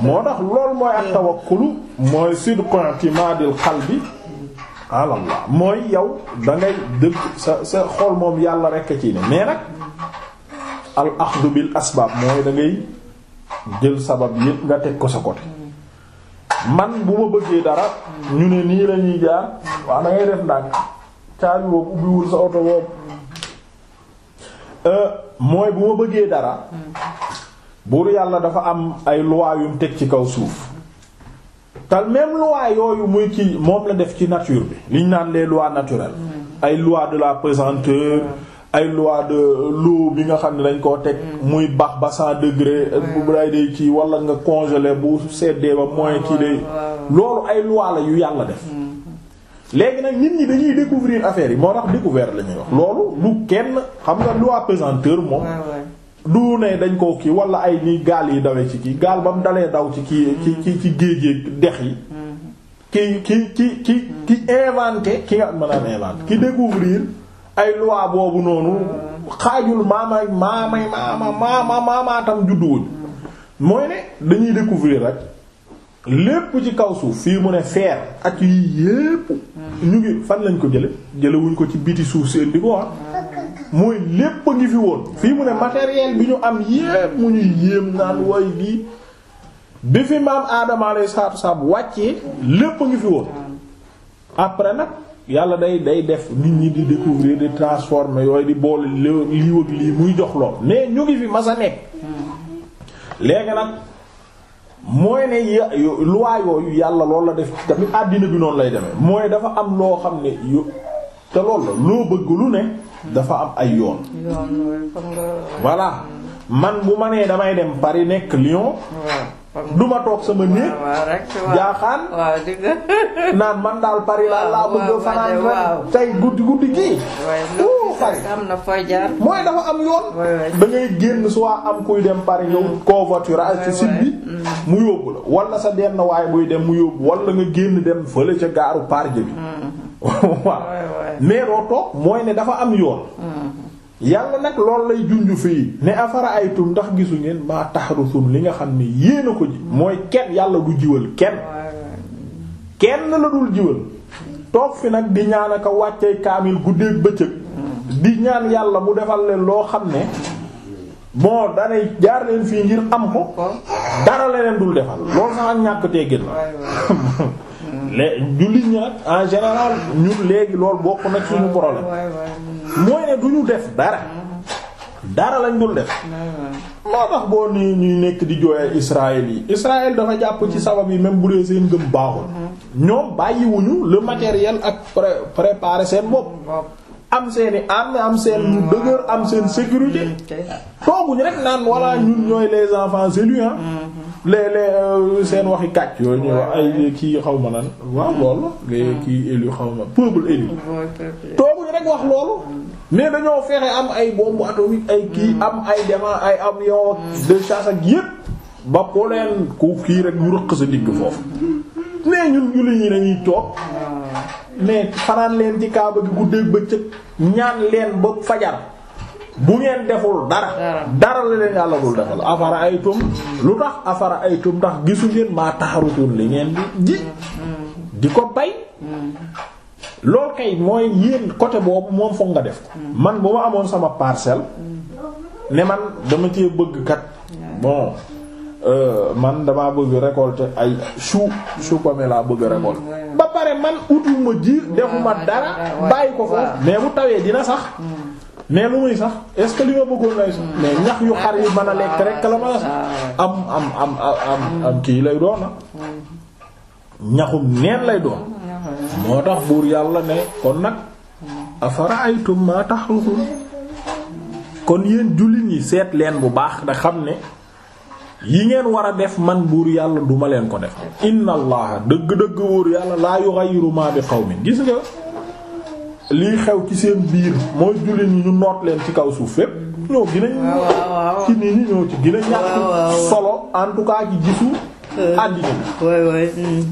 S1: moo tax loolu mooy ak tawakkulu mooy sidqu i'timadil qalbi alallah mooy yow da ngay dëgg sa sa xol moom yàlla rek a ci ne mais nag al axdu bil asbaab mooy dangay jël sabab yépp nga teg ko sa côté man bu ma bëggee dara ñu ne nii la ñuy jaar waaw da ngay def ndànk caabi boobu ubbiwul sa oto boobu euh, mooy bu ma bëggee dara hmm. buur yàlla dafa am ay loi yum teg ci kaw suuf tal même loi yooyu muy kii moom la def ci nature bi liñ naan les lois naturelles mm. ay loi de la pesanteur mm. ay loi de l'eau bi nga xam ne dañ koo teg mm. muy bax ba cent degré bu day day kii wala nga congelé bu seddee ba moins kii ah, day loolu ay loi la yu yàlla def léegi nag nit ñi dañuy découvrir affaire yi moo tax découverte la ñuy wax loolu lu kenn xam nga loi pesanteur moom du ne dañ koo kii wala ay ni gaal yi dawee ci ki gaal ba mu dalee daw ci ki ci mm. ci ci géej yi dex yi mm. ki ki ki ki ki inventé ki nga maanaam inventé ki mm. découvrir ay loi boobu noonu xaajul maamay maamay maama maama maamaatam judduwuñ mooy ne dañuy découvrir rek lépp ci kaw suuf fii mu ne feer ak yi yépp ñu ngi fan lañ ko jële jëlewuñ ko ci biti suuf si indi ko ah mooy lépp a ngi fi woon ah. fii mu ne matériel bi ñu am yépp mu ñuy yéem naan way lii bi fi maam aadama alayhi salaatu wàccee lépp a ngi fi woon après nag yàlla day day def nit ñi di découvrir di transformer yooyu di bool lii ak lii muy jox lool mais ñu ngi fi mas a nekk léegi nag mooy ne loi yooyu yàlla loolu la def tamit àddina bi noonu lay demee mooy dafa am loo xam ne te loolu la loo bëgg lu ne dafa am ay yoon. voilà man bu ma nee damay dem Paris nekk Lyon. du ma toog sama néeg. jaaxaan. naan man daal Paris laa laa bëgg fanaan rek tey guddi guddi gii. mooy dafa am yoon. da ngay génn soit am kuy dem Paris nga wut covoiturage ci site bi. Mm. mu yóbbu la wala sa benn waay buy dem mu yóbbu wala nga génn dem fële ca gaaru Paris bi. Mm. waaw mais toog mooy ne dafa am yoon mm-hmm. yàlla nag loolu lay junj fii ne afara aytum ndax gisu ngeen maa tahrusun li nga xam ne yéen ko ji mm-hmm. mooy kenn yàlla du jiwal kenn kenn la dul jiwal toog fi nag di ñaan aka wàccee kaamil guddeeg bëccëg
S2: mm-hmm.
S1: di ñaan yàlla mu defal leen loo xam ne bon danay jaar leen fii ngir am ko dara leen dul defal loolu sax ak ñàkk teggin la les jullit ñi nag en général ñu léegi lool bokk nag suñu problème mooy ne duñu def dara dara lañ dul def moo tax boo ni ñuy nekk di jooyee Israël yi Israël dafa jàpp ci mm. sabab yi même bu dee seen gëm baaxul mm-hmm. ñoom bàyyiwuñu le matériel ak préparer seen bopp am seen i armes am seen lu mm-hmm. dëgër am seen sécurité mm-hmm. tooguñu rek naan walla ñun ñooy les enfants élus léeg-léeg euh, seen waxi kàcc yooyu ñuy wax ay kii xaw ma nan waaw loolu les ah. kii élu xaw ma peuple élu tooguñu rek wax loolu mais dañoo fexe am ay bombe atomique ay kii mm. am ay dema ay avion mm. de chasse ak yépp ba ko leen ku kii rek ñu rëq sa digg foofu mais ñun jullit ñi dañuy toog ah. mais fanaan leen ci kaaba bi guddeeg bëccëg ñaan leen ba fajar bu ngeen deful dara dara la leen yàlla dul defal afara ay tum lu tax afara ay tum ndax gisu ngeen maa taxarutoon li ngeen di di ko bay lool kay mooy yéen côté boobu moom foog nga def ko man bu amoon sama parcelle ne man dama cee bëgg kat bon euh, man damaa bëgg récolter ay chou chou pommé laa bëgg récolter mm, ba pare man utuma ji defuma dara bàyyi ko foofu mais bu tawee dina sax mm. mais lu muy sax est ce que li nga bëggoon lay sax mais ñax yu xar yi mën a lekk rek la mën a sax am am am am kii lay doon ah. ñaxum neen lay doon moo tax buur yàlla ne kon nag afara'aytum ma taxluqun kon yéen jullit yi seet leen bu baax da xam ne yi ngeen war a def man buur yàlla duma leen ko def inna allah dëgg-dëgg buur yàlla laa yughayyiru ma bi qawmin gis nga lii xew ci seen biir mooy jullit ñi ñu noot leen ci kaw suuf fépp ñoo gën a ci nit ñoo ci gën a solo en tout cas ci gisu euh, àddina bi mhm.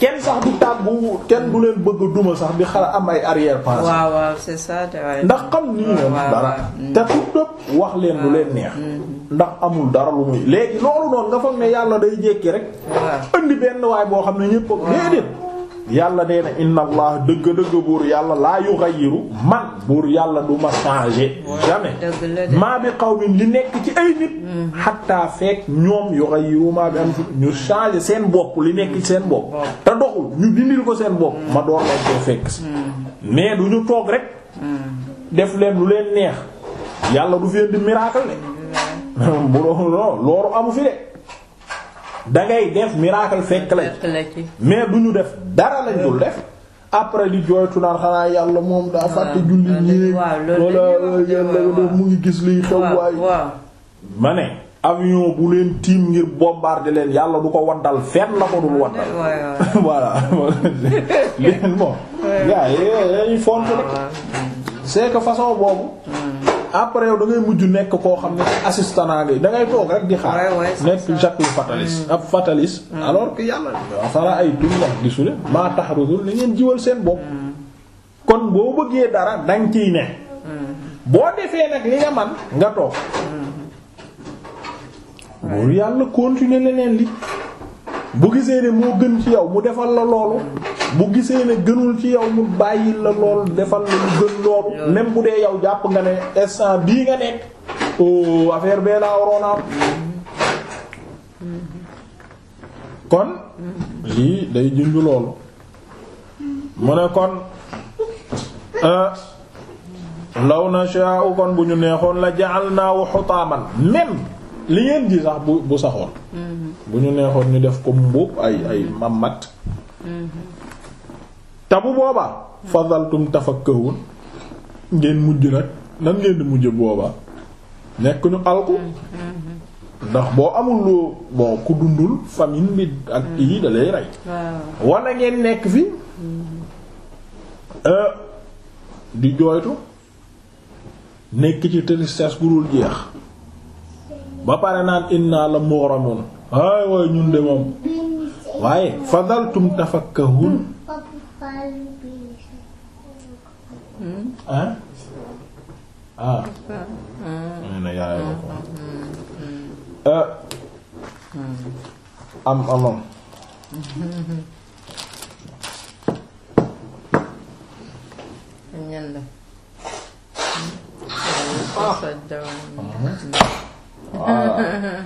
S1: kenn sax du tàggu kenn du leen bëgg duma sax bi xala am ay arrière-pensée. waaw waaw ndax xam ni ñu dara. Mhm. te tout wax leen lu leen neex. Mhm. ndax amul dara lu muy léegi loolu noonu nga foog ne yàlla day jékki rek. indi benn waay boo xam ne ñépp déedéet. yàlla nee na inna dëgg-dëgg buur yàlla laa yughayyiru man buur yàlla du ma changer jamais maa bi xaw qawmin li nekk ci ay nit mhm. hatta fekk ñoom yughayyiru maa bi am ñu changer seen bopp li nekk seen bopp te doxul ñu dindil ko seen bopp mhm. ma door leen koo fekk
S2: mhm.
S1: mais du ñu toog rek def leen lu leen neex yàlla du fi indi miracle ne bu loolu loolu amu fi de dangay def miracle fekk la mais du ñu def dara lañ dul def après di jooytu naan xanaa yàlla moom daa fàtte julli ñéeg walla yàlla mu ngi gis liy xew ma ne leen tiim ngir bombarder leen yàlla du ko waddal fenn la ko dul waddal voilà leen moom gaa font rek c'est façon boobu après yow da mujj nekk koo xam ne assistant naa ngay da ngay toog rek di xaar. nekk Jacques le fataliste. Mm. ab fataliste. Mm. alors que yàlla afara ay tuñ wax gisule maa tax rusul li ngeen jiwal seen bopp. Mm. kon boo bëggee dara danga ciy ne. boo defee nag li nga man nga toog. loolu yàlla continuer leneen li. bu gisee ne moo gën ci yow mu defal la loolu bu gisee ne gënul ci yow mu bàyyi la loolu defal la lu gën loolu même bu dee yow jàpp nga ne instant bii nga nekk o oh, affaire bee laa waroon a kon mu ne kon euh, law na shaa'u kon bu ñu neexoon la ja'alnaahu hutaaman même li ngeen ji sax bu bu saxoon mm-hmm. bu ñu neexoon ñu def ko mbuub ay ay mamat mm-hmm. te bu boobaa fadaltum tafakkahun ngeen mujj nag nan ngeen mujj booba nekk ñu alku mm-hmm. ndax boo amul loo bon ku dundul famine bi ak yii da rey wala ngeen nekk fi euh, di jooytu nekk ci tristesse gu jeex ba pare naan inna la mughramun ay waaye ñun de moom waaye fadaltum tafakkahun
S2: ah eh.
S1: ah am amam
S2: ñan voilà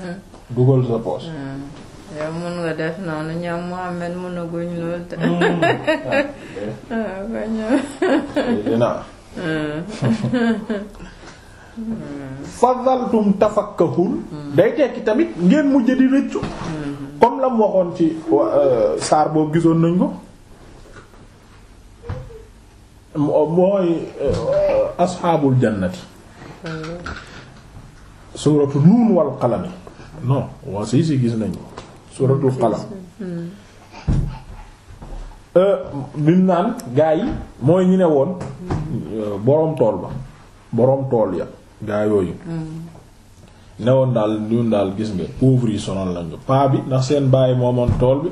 S1: dugal sa poche.
S2: yow mun nga def noonu ñoom Mohamed mun a guñ lool. dinaa. Hmm.
S1: Ah, ah, ah. fadaltum tafakkahul hmm. day tekki tamit ngeen mujj di rëccu. Hmm. comme la mu waxoon ci euh, saar boobu gisoon nañ ko. mooy euh, asxaabul jannati. suuratu nuun wal qalami non waa si si gis nañu suuratul qalam hmm. euh, bi mu naan gaa yi mooy ñu ne woon euh, boroom tool ba boroom tool ya gaa yooyu hmm. ne woon daal ñun daal gis nga pauvres yi sonal lañu paa bi ndax seen bàyyi moomoon tool bi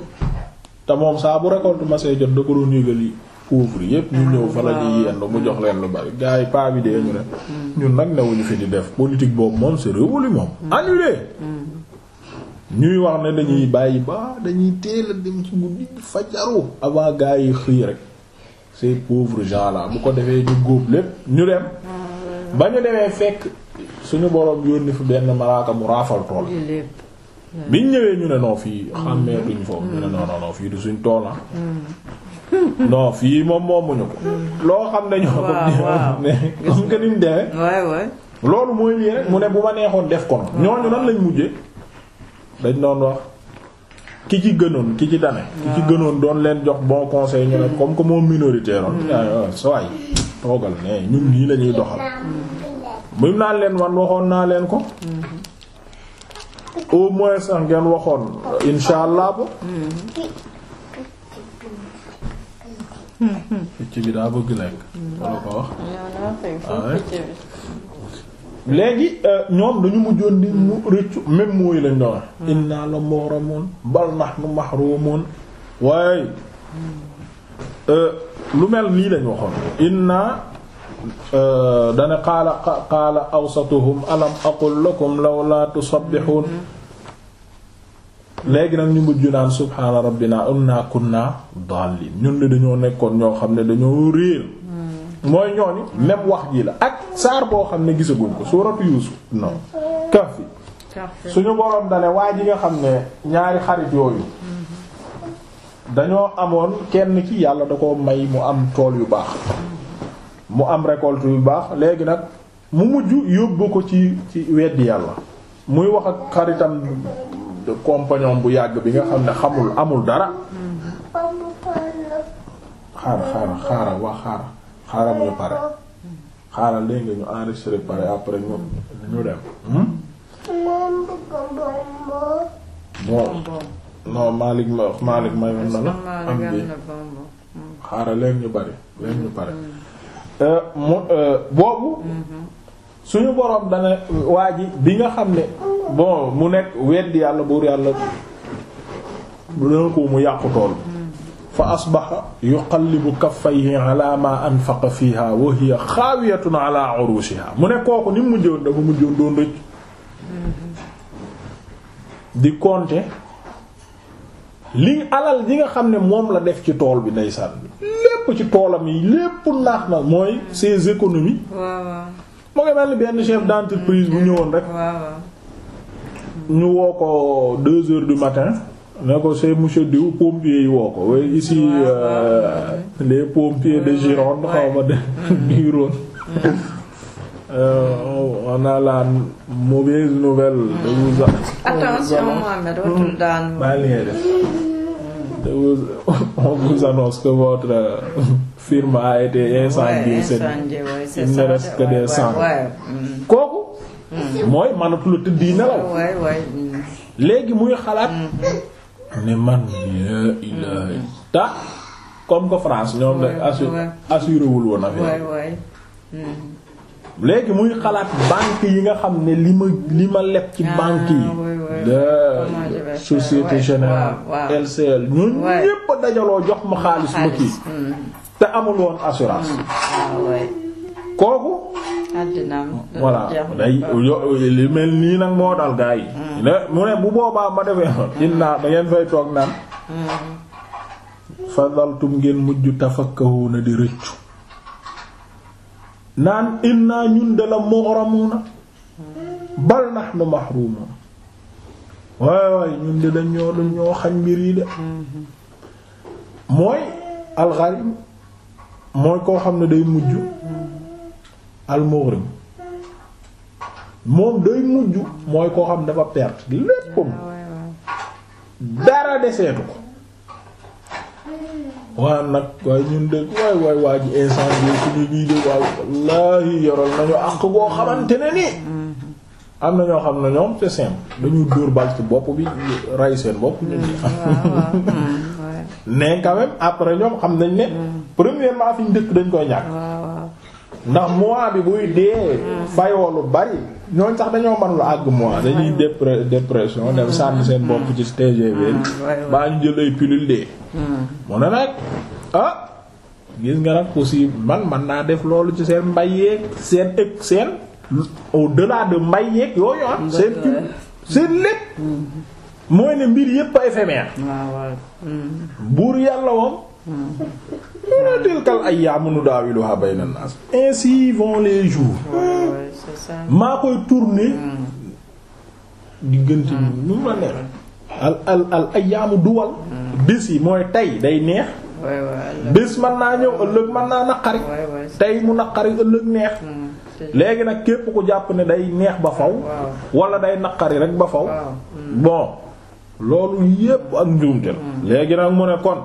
S1: te moom saa bu récolte ma see jot da ko doon yëgal yi pauvre yëpp ñu ñëw fa la ñuy mu jox leen lu bari gars yi paa bi dee ñu ne ñun nag newuñu fi di def politique boobu moom c'est révolu moom mm. annulé mm. ñuy wax ne dañuy bàyyi ba dañuy teel a dem ci guddi fajaru avant gars yi xëy rek ces pauvres gens là bu ko defee ñu góob lépp ñu dem ah. ba ñu demee fekk suñu borom yónni fi benn malaaka mu raafal tool biñ ñëwee ñu ne non fii mm. xàmmeetuñ foofu ñu ne non non non du suñ tool ah. non fii moom moomuñu ko. loo xam ne ñoo ko. mu demee. waay waay. loolu mooy lii rek mu ne bu ma neexoon def kon ñooñu nan lañ mujjee dañ doon wax ki ci gënoon ki ci dane ki ci gënoon doon leen jox bon conseil ñu ne mm. comme que moom minoritaire oon a sawaay naa leen wan waxoon naa leen ko mm-hmm. au moins sax ngeen waxoon mm. insha allah picc bi daa bëgg lekk.
S2: wala ko wax. Ah,
S1: léegi euh, ñoom dañu mujjoon di mu rëccu même mooy lañ doon. Hmm. inna la muhramun bal nahnu mahrumun waaye euh, lu mel nii lañ waxoon. inna euh, dana qaala qaala awsatuhum alam aqul lakum lawla tusabbihun hmm. léegi nag ñu mujj naan subhaana rabbina inna kunna daalliin ñun de dañoo nekkoon ñoo xam ne dañoo réer hmm. mooy ñooñu même wax ji la ak saar boo xam ne gisaguñ ko suuratu Yuusuf non Kahf suñu boroom dane waa ji nga xam ne ñaari xarit yooyu hmm. dañoo amoon kenn ci yàlla da ko may mu am tool yu baax hmm. mu am récolte yu baax léegi nag mu mujj yóbbu ko ci ci weddi yàlla muy wax ak xaritam compagnon bu yàgg bi nga xam ne xamul amul dara xaara xaara xaara wax xaara xaara mu pare xaara léegi nga ñu enregistré pare après ñu ñu dem hmm? bon non Malick ma Malick na la am bi ñu bari hmm. léegi ñu pare hmm. euh, euh, boobu mm-hmm. suñu boroom dana waa ji bi nga xam ne bon mu nekk weddi yàlla buur yàlla dana ko mu yàqu tool fa asbaha yuqallibu kaffayhi ala ma anfaqa fiha mu ne kooku ni mu mujjoon dafa mujjoon doon rëcc di compter li alal yi nga xam ne moom la def ci tool bi ndeysaan lépp ci toolam yi lépp naax na mooy ses économies moo ngi mel ni benn chef d'entreprise bu ñëwoon rek. ñu woo ko deux heures du matin ne ko c'est monsieur Diou pompier yi woo ko waaye ici euh, les pompiers de Gironde xaw ma de Gironde. Mm. Euh, on a la mauvaise nouvelle. de vous
S2: attention Mohamed dootul daan. maa ngi lay def.
S1: on vous annonce firme a été incendiée
S2: il ne reste que des cendres kooku
S1: mm. mooy manatu la tëdd mm. léegi muy xalaat mm. ne man la comme que ñoom la assuré assuré wul woon
S2: affaire
S1: léegi muy xalaat banque yi nga xam ne li ma li ma leb ci ah, banque yi la Société Générale LCL ñun ñépp a dajaloo jox ma xaalis ma kii te amul woon assurance. Hmm.
S2: Ah, kooku. Euh, voilà li
S1: mel nii nag moo dal gaa yi. Hmm. mu ne bu boobaa ma defee noonu. Hmm. innaa da fay toog naan. fadaltum ngeen mujj tafakkahuna di rëccu. naan innaa ñun de la mughramuna. bal nahnu mahrumun. waay waay ñun de dañ ñoo dañ ñoo xañ mbir yi de. mooy alxarim. mooy koo xam ne day mujj almughrim moom day mujj mooy koo xam ne dafa perte léppam
S2: ah,
S1: dara deseetu ko waa nag waaye ñun de waay waay waa ji incendie suñu bii de waaw wallaahi yoral nañu àq goo xamante ni mm-hmm. am na ñoo xam ne ñoom c'est dañuy dóor bal ci bopp bi rey seen bopp ñu mm-hmm. mais quand après ñoom xam nañ ne. premièrement fi ñu dëkk dañ koy ñàkk. ndax mois bi buy dee. Mm. fayoo lu bari. ñooñ sax dañoo mënul àgg mois mm. dañuy dépre dépression mm. dem sànni seen bopp ci TGV. baa ñu jël ay pilule dee. mu ne nag ah gis nga nag aussi man man naa def loolu ci seen mbay yeeg seen ëkk seen au delà mbay yeeg yooyu ah seen seen lépp. mooy ne mbir yépp a éphémère hmm. buur yàlla moom muna hmm. tilkal ayyaamu nudaawiluhaa bayna naas ainsi vont les jours maa koy tourner hmm. diggante ñu mu neex al al al ayyaamu duwal bés yi mooy tey day neex bés man naa ñëw ëllëg mën naa naqari tey mu naqari ëllëg neex léegi nag képp ko jàpp ne day neex ba faw wala day naqari rek ba faw bon loolu yépp ak njuumte la mm. léegi nag mu ne kon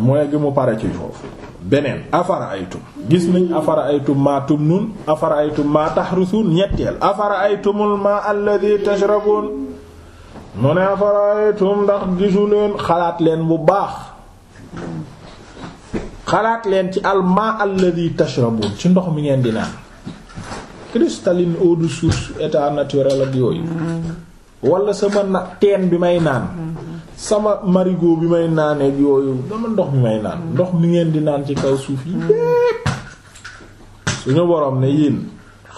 S1: mooy gi mu pare ci foofu beneen afara aytum gis nañ afara aytum maa tumnun afara aytum maa tahrusun ñetteel afara aytumul ma alladhi tashrabun mu ne afara aytum ndax gisu leen xalaat leen bu baax xalaat leen ci al ma alladhi tashrabun ci ndox mi ngeen di naan cristalline eau de source état naturel ak yooyu mm. wala sama na teen bi may naan sama marigot bi may naaneeg yooyu dama ndox mi may naan ndox mi ngeen di naan ci kaw suuf yi yépp suñu borom ne yéen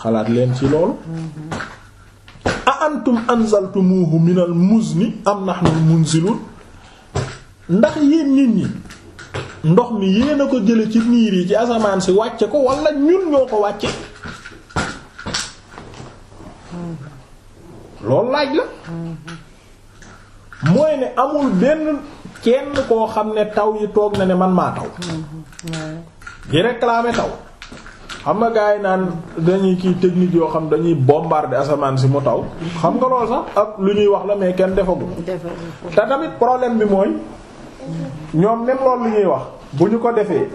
S1: xalaat leen ci loolu a antum anzaltumuhu minal muzni am nahnul munzilun ndax yéen nit ñi ndox mi yéen a ko jële ci niir yi ci asamaan si wàcce ko wala ñun ñoo ko wàcce lool laaj la mooy ne amul benn kenn koo xam ne taw yi toog na ne man maa taw di réclamer taw xam nga gaa yi naan dañuy kii technique yoo xam dañuy bombarder asamaan si mu taw xam nga loolu sax ak lu ñuy wax la mais kenn defagul te tamit problème bi mooy ñoom même loolu lu ñuy wax bu ñu ko defee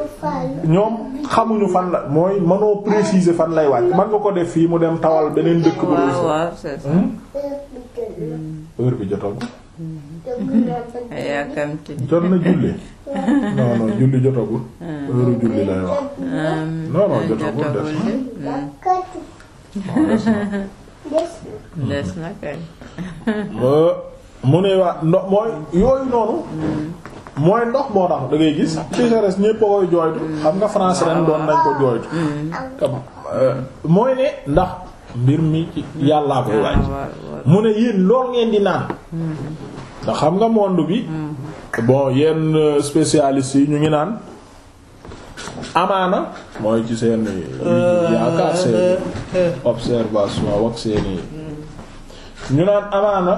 S1: ñoom xamuñu fan la mooy mënoo préciser fan lay wàcc man nga ko def fii mu dem tawal beneen dëkk bu waaw waaw
S2: c'est ça hmm? Hmm. heure bi jotoon yaakamti jot na julli non
S1: julli jotagul
S2: hmm. heure julli lay wax non non des na kay
S1: euh, mu ne waa mooy yooyu noonu mooy ndox moo tax da ngay gis sécheresse ñépp a koy jooytu xam nga France ren doon nañ ko jooytu euh, mooy ne ndax mbir mi ci yàllaa koy waaj ah, mu ne yéen lool ngeen di naan mm-hmm. ndax xam nga monde bi mm-hmm. bon yenn spécialistes yi ñu ngi naan amaana mooy ci seen yaakaar seen observation wax seen mm-hmm. ñu naan amaana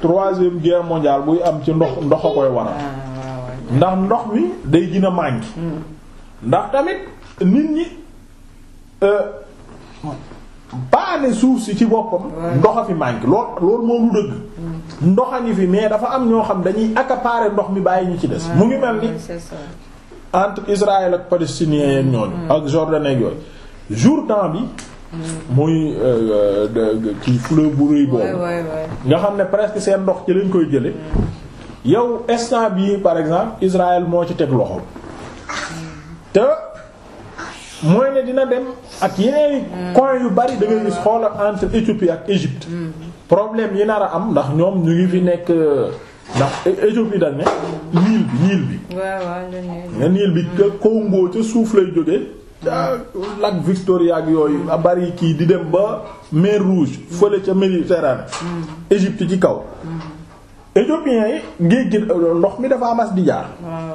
S1: troisième guerre mondiale buy am ci ndox ndox a koy waral ah, ndax ndox mi day gën a hmm. ndax tamit nit ñi euh, baane suuf si ci boppam ndoxa fi mànk lool loolu moom lu dëgg hmm. ndoxa ngi fi mais dafa am ñoo xam dañuy accaparer ndox mi bàyyi ñu ci des mu ngi mel ni entre Israël ak palestiniens yeeg ñooñu hmm. ak Jordan ak yooyu bi muy kii euh, euh, fleuve bu rëy boobu nga xam ne presque seen ndox ci lañ koy jële yow instant bii par exemple Israël moo ci teg loxo te mooy ne dina dem ak yeneen mm. coin yu bari da ngay gis xoolal entre Éthiopie ak Égypte mm. problème yi nar a am ndax ñoom ñu ngi fi nekk ndax Éthiopie dañ ne mm. Nil bi Nil bi nga Nil bi Congo ca suuf lay jóge Ah, lac Victoria ak yooyu bari kii di dem ba mer rouge fële ca Méditerranée mm. Égypte ci kaw
S2: mm.
S1: éthiopiens yi géej gi euh, ndox mi dafa amas di jaar ah,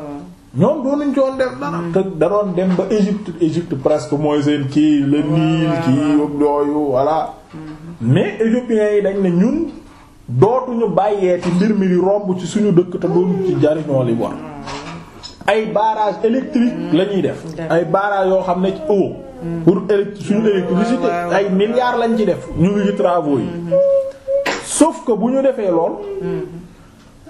S1: ñoom doonuñ coon def dara mm. te da dem ba Égypte Égypte presque mooy seen kii le Nil kii yooyu voilà mm-hmm. mais éthiopiens yi dañ ne ñun dootuñu bàyyeeti mbir mi di romb ci suñu dëkk te doonuñ ci jariñoo li ay barrage électrique mm. lañuy def ay barrage yoo xam ne ci eau mm. pour électrique suñu mm. électricité ay milliards lañ ci def ñu ngi ci travaux yi mm-hmm. sauf que bu ñu defee lool mm-hmm.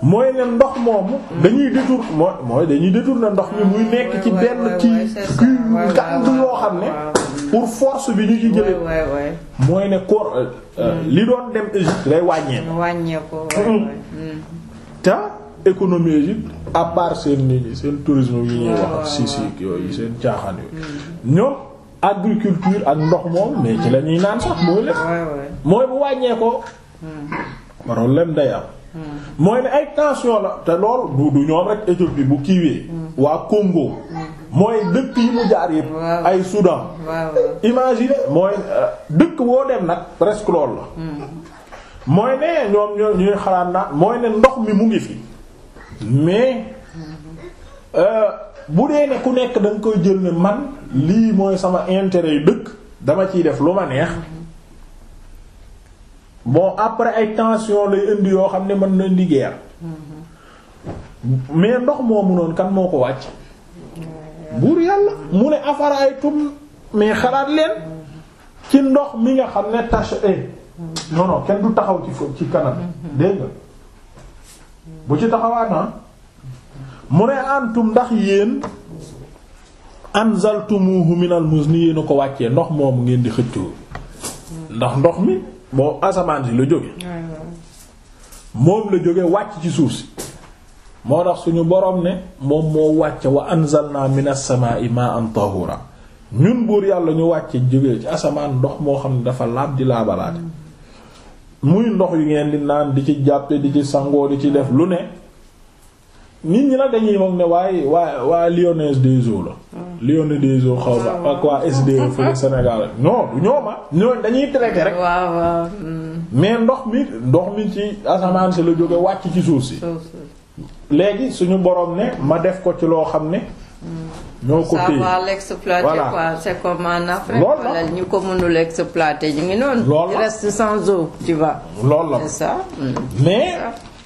S1: mooy ne ndox moom mm-hmm. dañuy détour mooy dañuy détour na ndox mi muy nekk ci benn ci
S2: kii gànd yoo
S1: xam ne pour force bi ñu ci jëlee mooy ne koor euh, euh, li doon dem Égypte day
S2: wàññeeku
S1: te économie Égypte à seen nit ñi seen tourisme yu ñuy wax ak si yooyu seen caaxaan yooyu mm. ñoom agriculture ak ndox moom mais ci la ñuy naan sax mooy lépp mooy bu wàññee ko problème mm. day am mm. mooy ne ay tension la te lool du du ñoom rek Éthiopie bu kiiwee waa Congo mooy dëkk yi mu jaar yëpp ay Soudan imagine mooy euh, dëkk boo dem nag presque lool la mooy ne ñoom ñoo ñuy xalaat naa mooy ne ndox mi mu ngi fi mais euh, bu dee ne ku nekk da koy jël ne man lii mooy sama intérêt yi dëkk dama ciy def lu ma neex bon après ay tension lay indi yoo xam ne mën na indi mais ndox moomu noonu kan moo ko wàcc buur yàlla mu ne afara ay tum mais xalaat leen ci ndox mi nga xam ne tache eh, noonu kenn du taxaw ci fo ci kanam dégg nga bu ci taxawaat na mu ne antum ndax yéen anzaltumuhu minal muzni yéen a ko wàccee ndox moomu ngeen di xëccoo ndax ndox mi moo asamaan si la jóge moom la jóge wàcc ci suuf si moo tax suñu boroom ne moom moo wàcce wa anzalna minas samaa'i ma'an tahura ñun buur yàlla ñu wàcce jóge ci asamaan ndox moo xam ne dafa laab di laabalaate muy ndox yu ngeen di naan di ci jàppe di ci sangoo di ci def lu ne nit ñi nag dañuy moom ne waaye waa waa Lyonnaise des Eaux la hmm. Lyonnaise des Eaux xaw ma ah, ak waa SDE fële Sénégal non ñooma ah. ñooñ dañuy traité rek waaw waaw hmm. mais ndox mi ndox mi ci asamaan si la jóge wàcc ci suuf si léegi suñu borom ne ma def ko ci loo xam ne ñoo ko téye ça va
S2: l'exploiter en Afrique. loolu la ñu ko mënul exploiter ñu ngi noonu. lool la reste mm.
S1: mais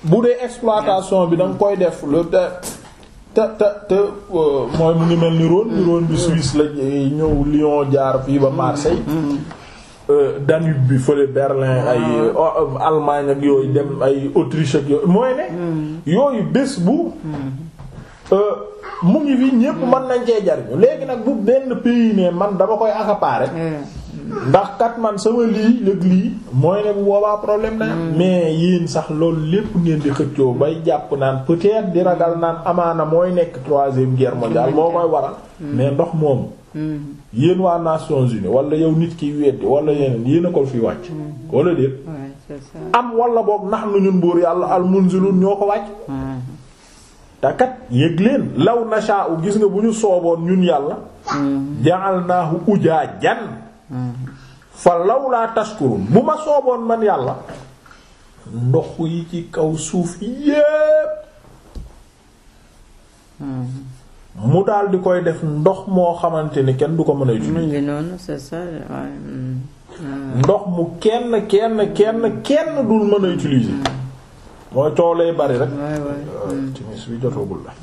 S1: bu dee exploitation bi danga koy def le te te te euh, mooy mu ngi mel ni Rhône. ni mm. Rhône bi mm. Suisse la ñëw Lyon jaar fii ba Marseille. Euh, Danube bi fële Berlin ay ah. euh, oh, Allemagne ak yooyu dem ay Autriche ak yooyu mooy ne. yooyu bés bu. Euh, mu ngi fi ñépp man nañ cee jariñu léegi nag bu benn pays ne man dama koy accaparer mm. ndax kat man sama lii lëg lii mooy ne bu boobaa problème na mm. mais yéen sax loolu lépp ngeen di xëccoo bay jàpp naan peut-être di ragal naan amaana mooy nekk troisième guerre mondiale moo koy waral mm. mais ndox moomu yéen waa Nations Unies wala yow nit ki weddi wala yeneen yéen a ko fi wàcc wala déet am wala boog nax nu ñun buur yàlla almunzilun ñoo ko wàcc te kat yëg leen law nashaa'u gis nga bu ñu sooboon ñun yàlla ujaa ujaajan fa law laa tashkurun bu ma sooboon man yàlla ndox yi ci kaw suuf yépp mu daal koy def ndox moo xamante ni kenn du ko mën a utiliser
S2: mm,
S1: mm. ndox mu kenn kenn kenn kenn dul mën a utiliser mooy coow lay bari rek ah, timis bi jotagul la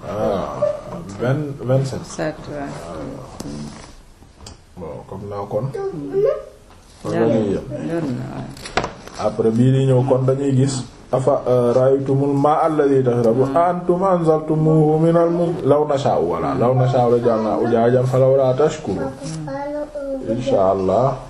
S1: waaw ah, vingt vingt-sept ah, bon comme naa kon hmm. après bii di ñëw kon dañuy gis afa euh, ra'aytumul ma'a alladhi tashrabun hmm. antum anzaltumuhu minal muzn law nasha'u wala law nasha'u la ja'alnahu ujaajan falaw la tashkurun hmm. inshallah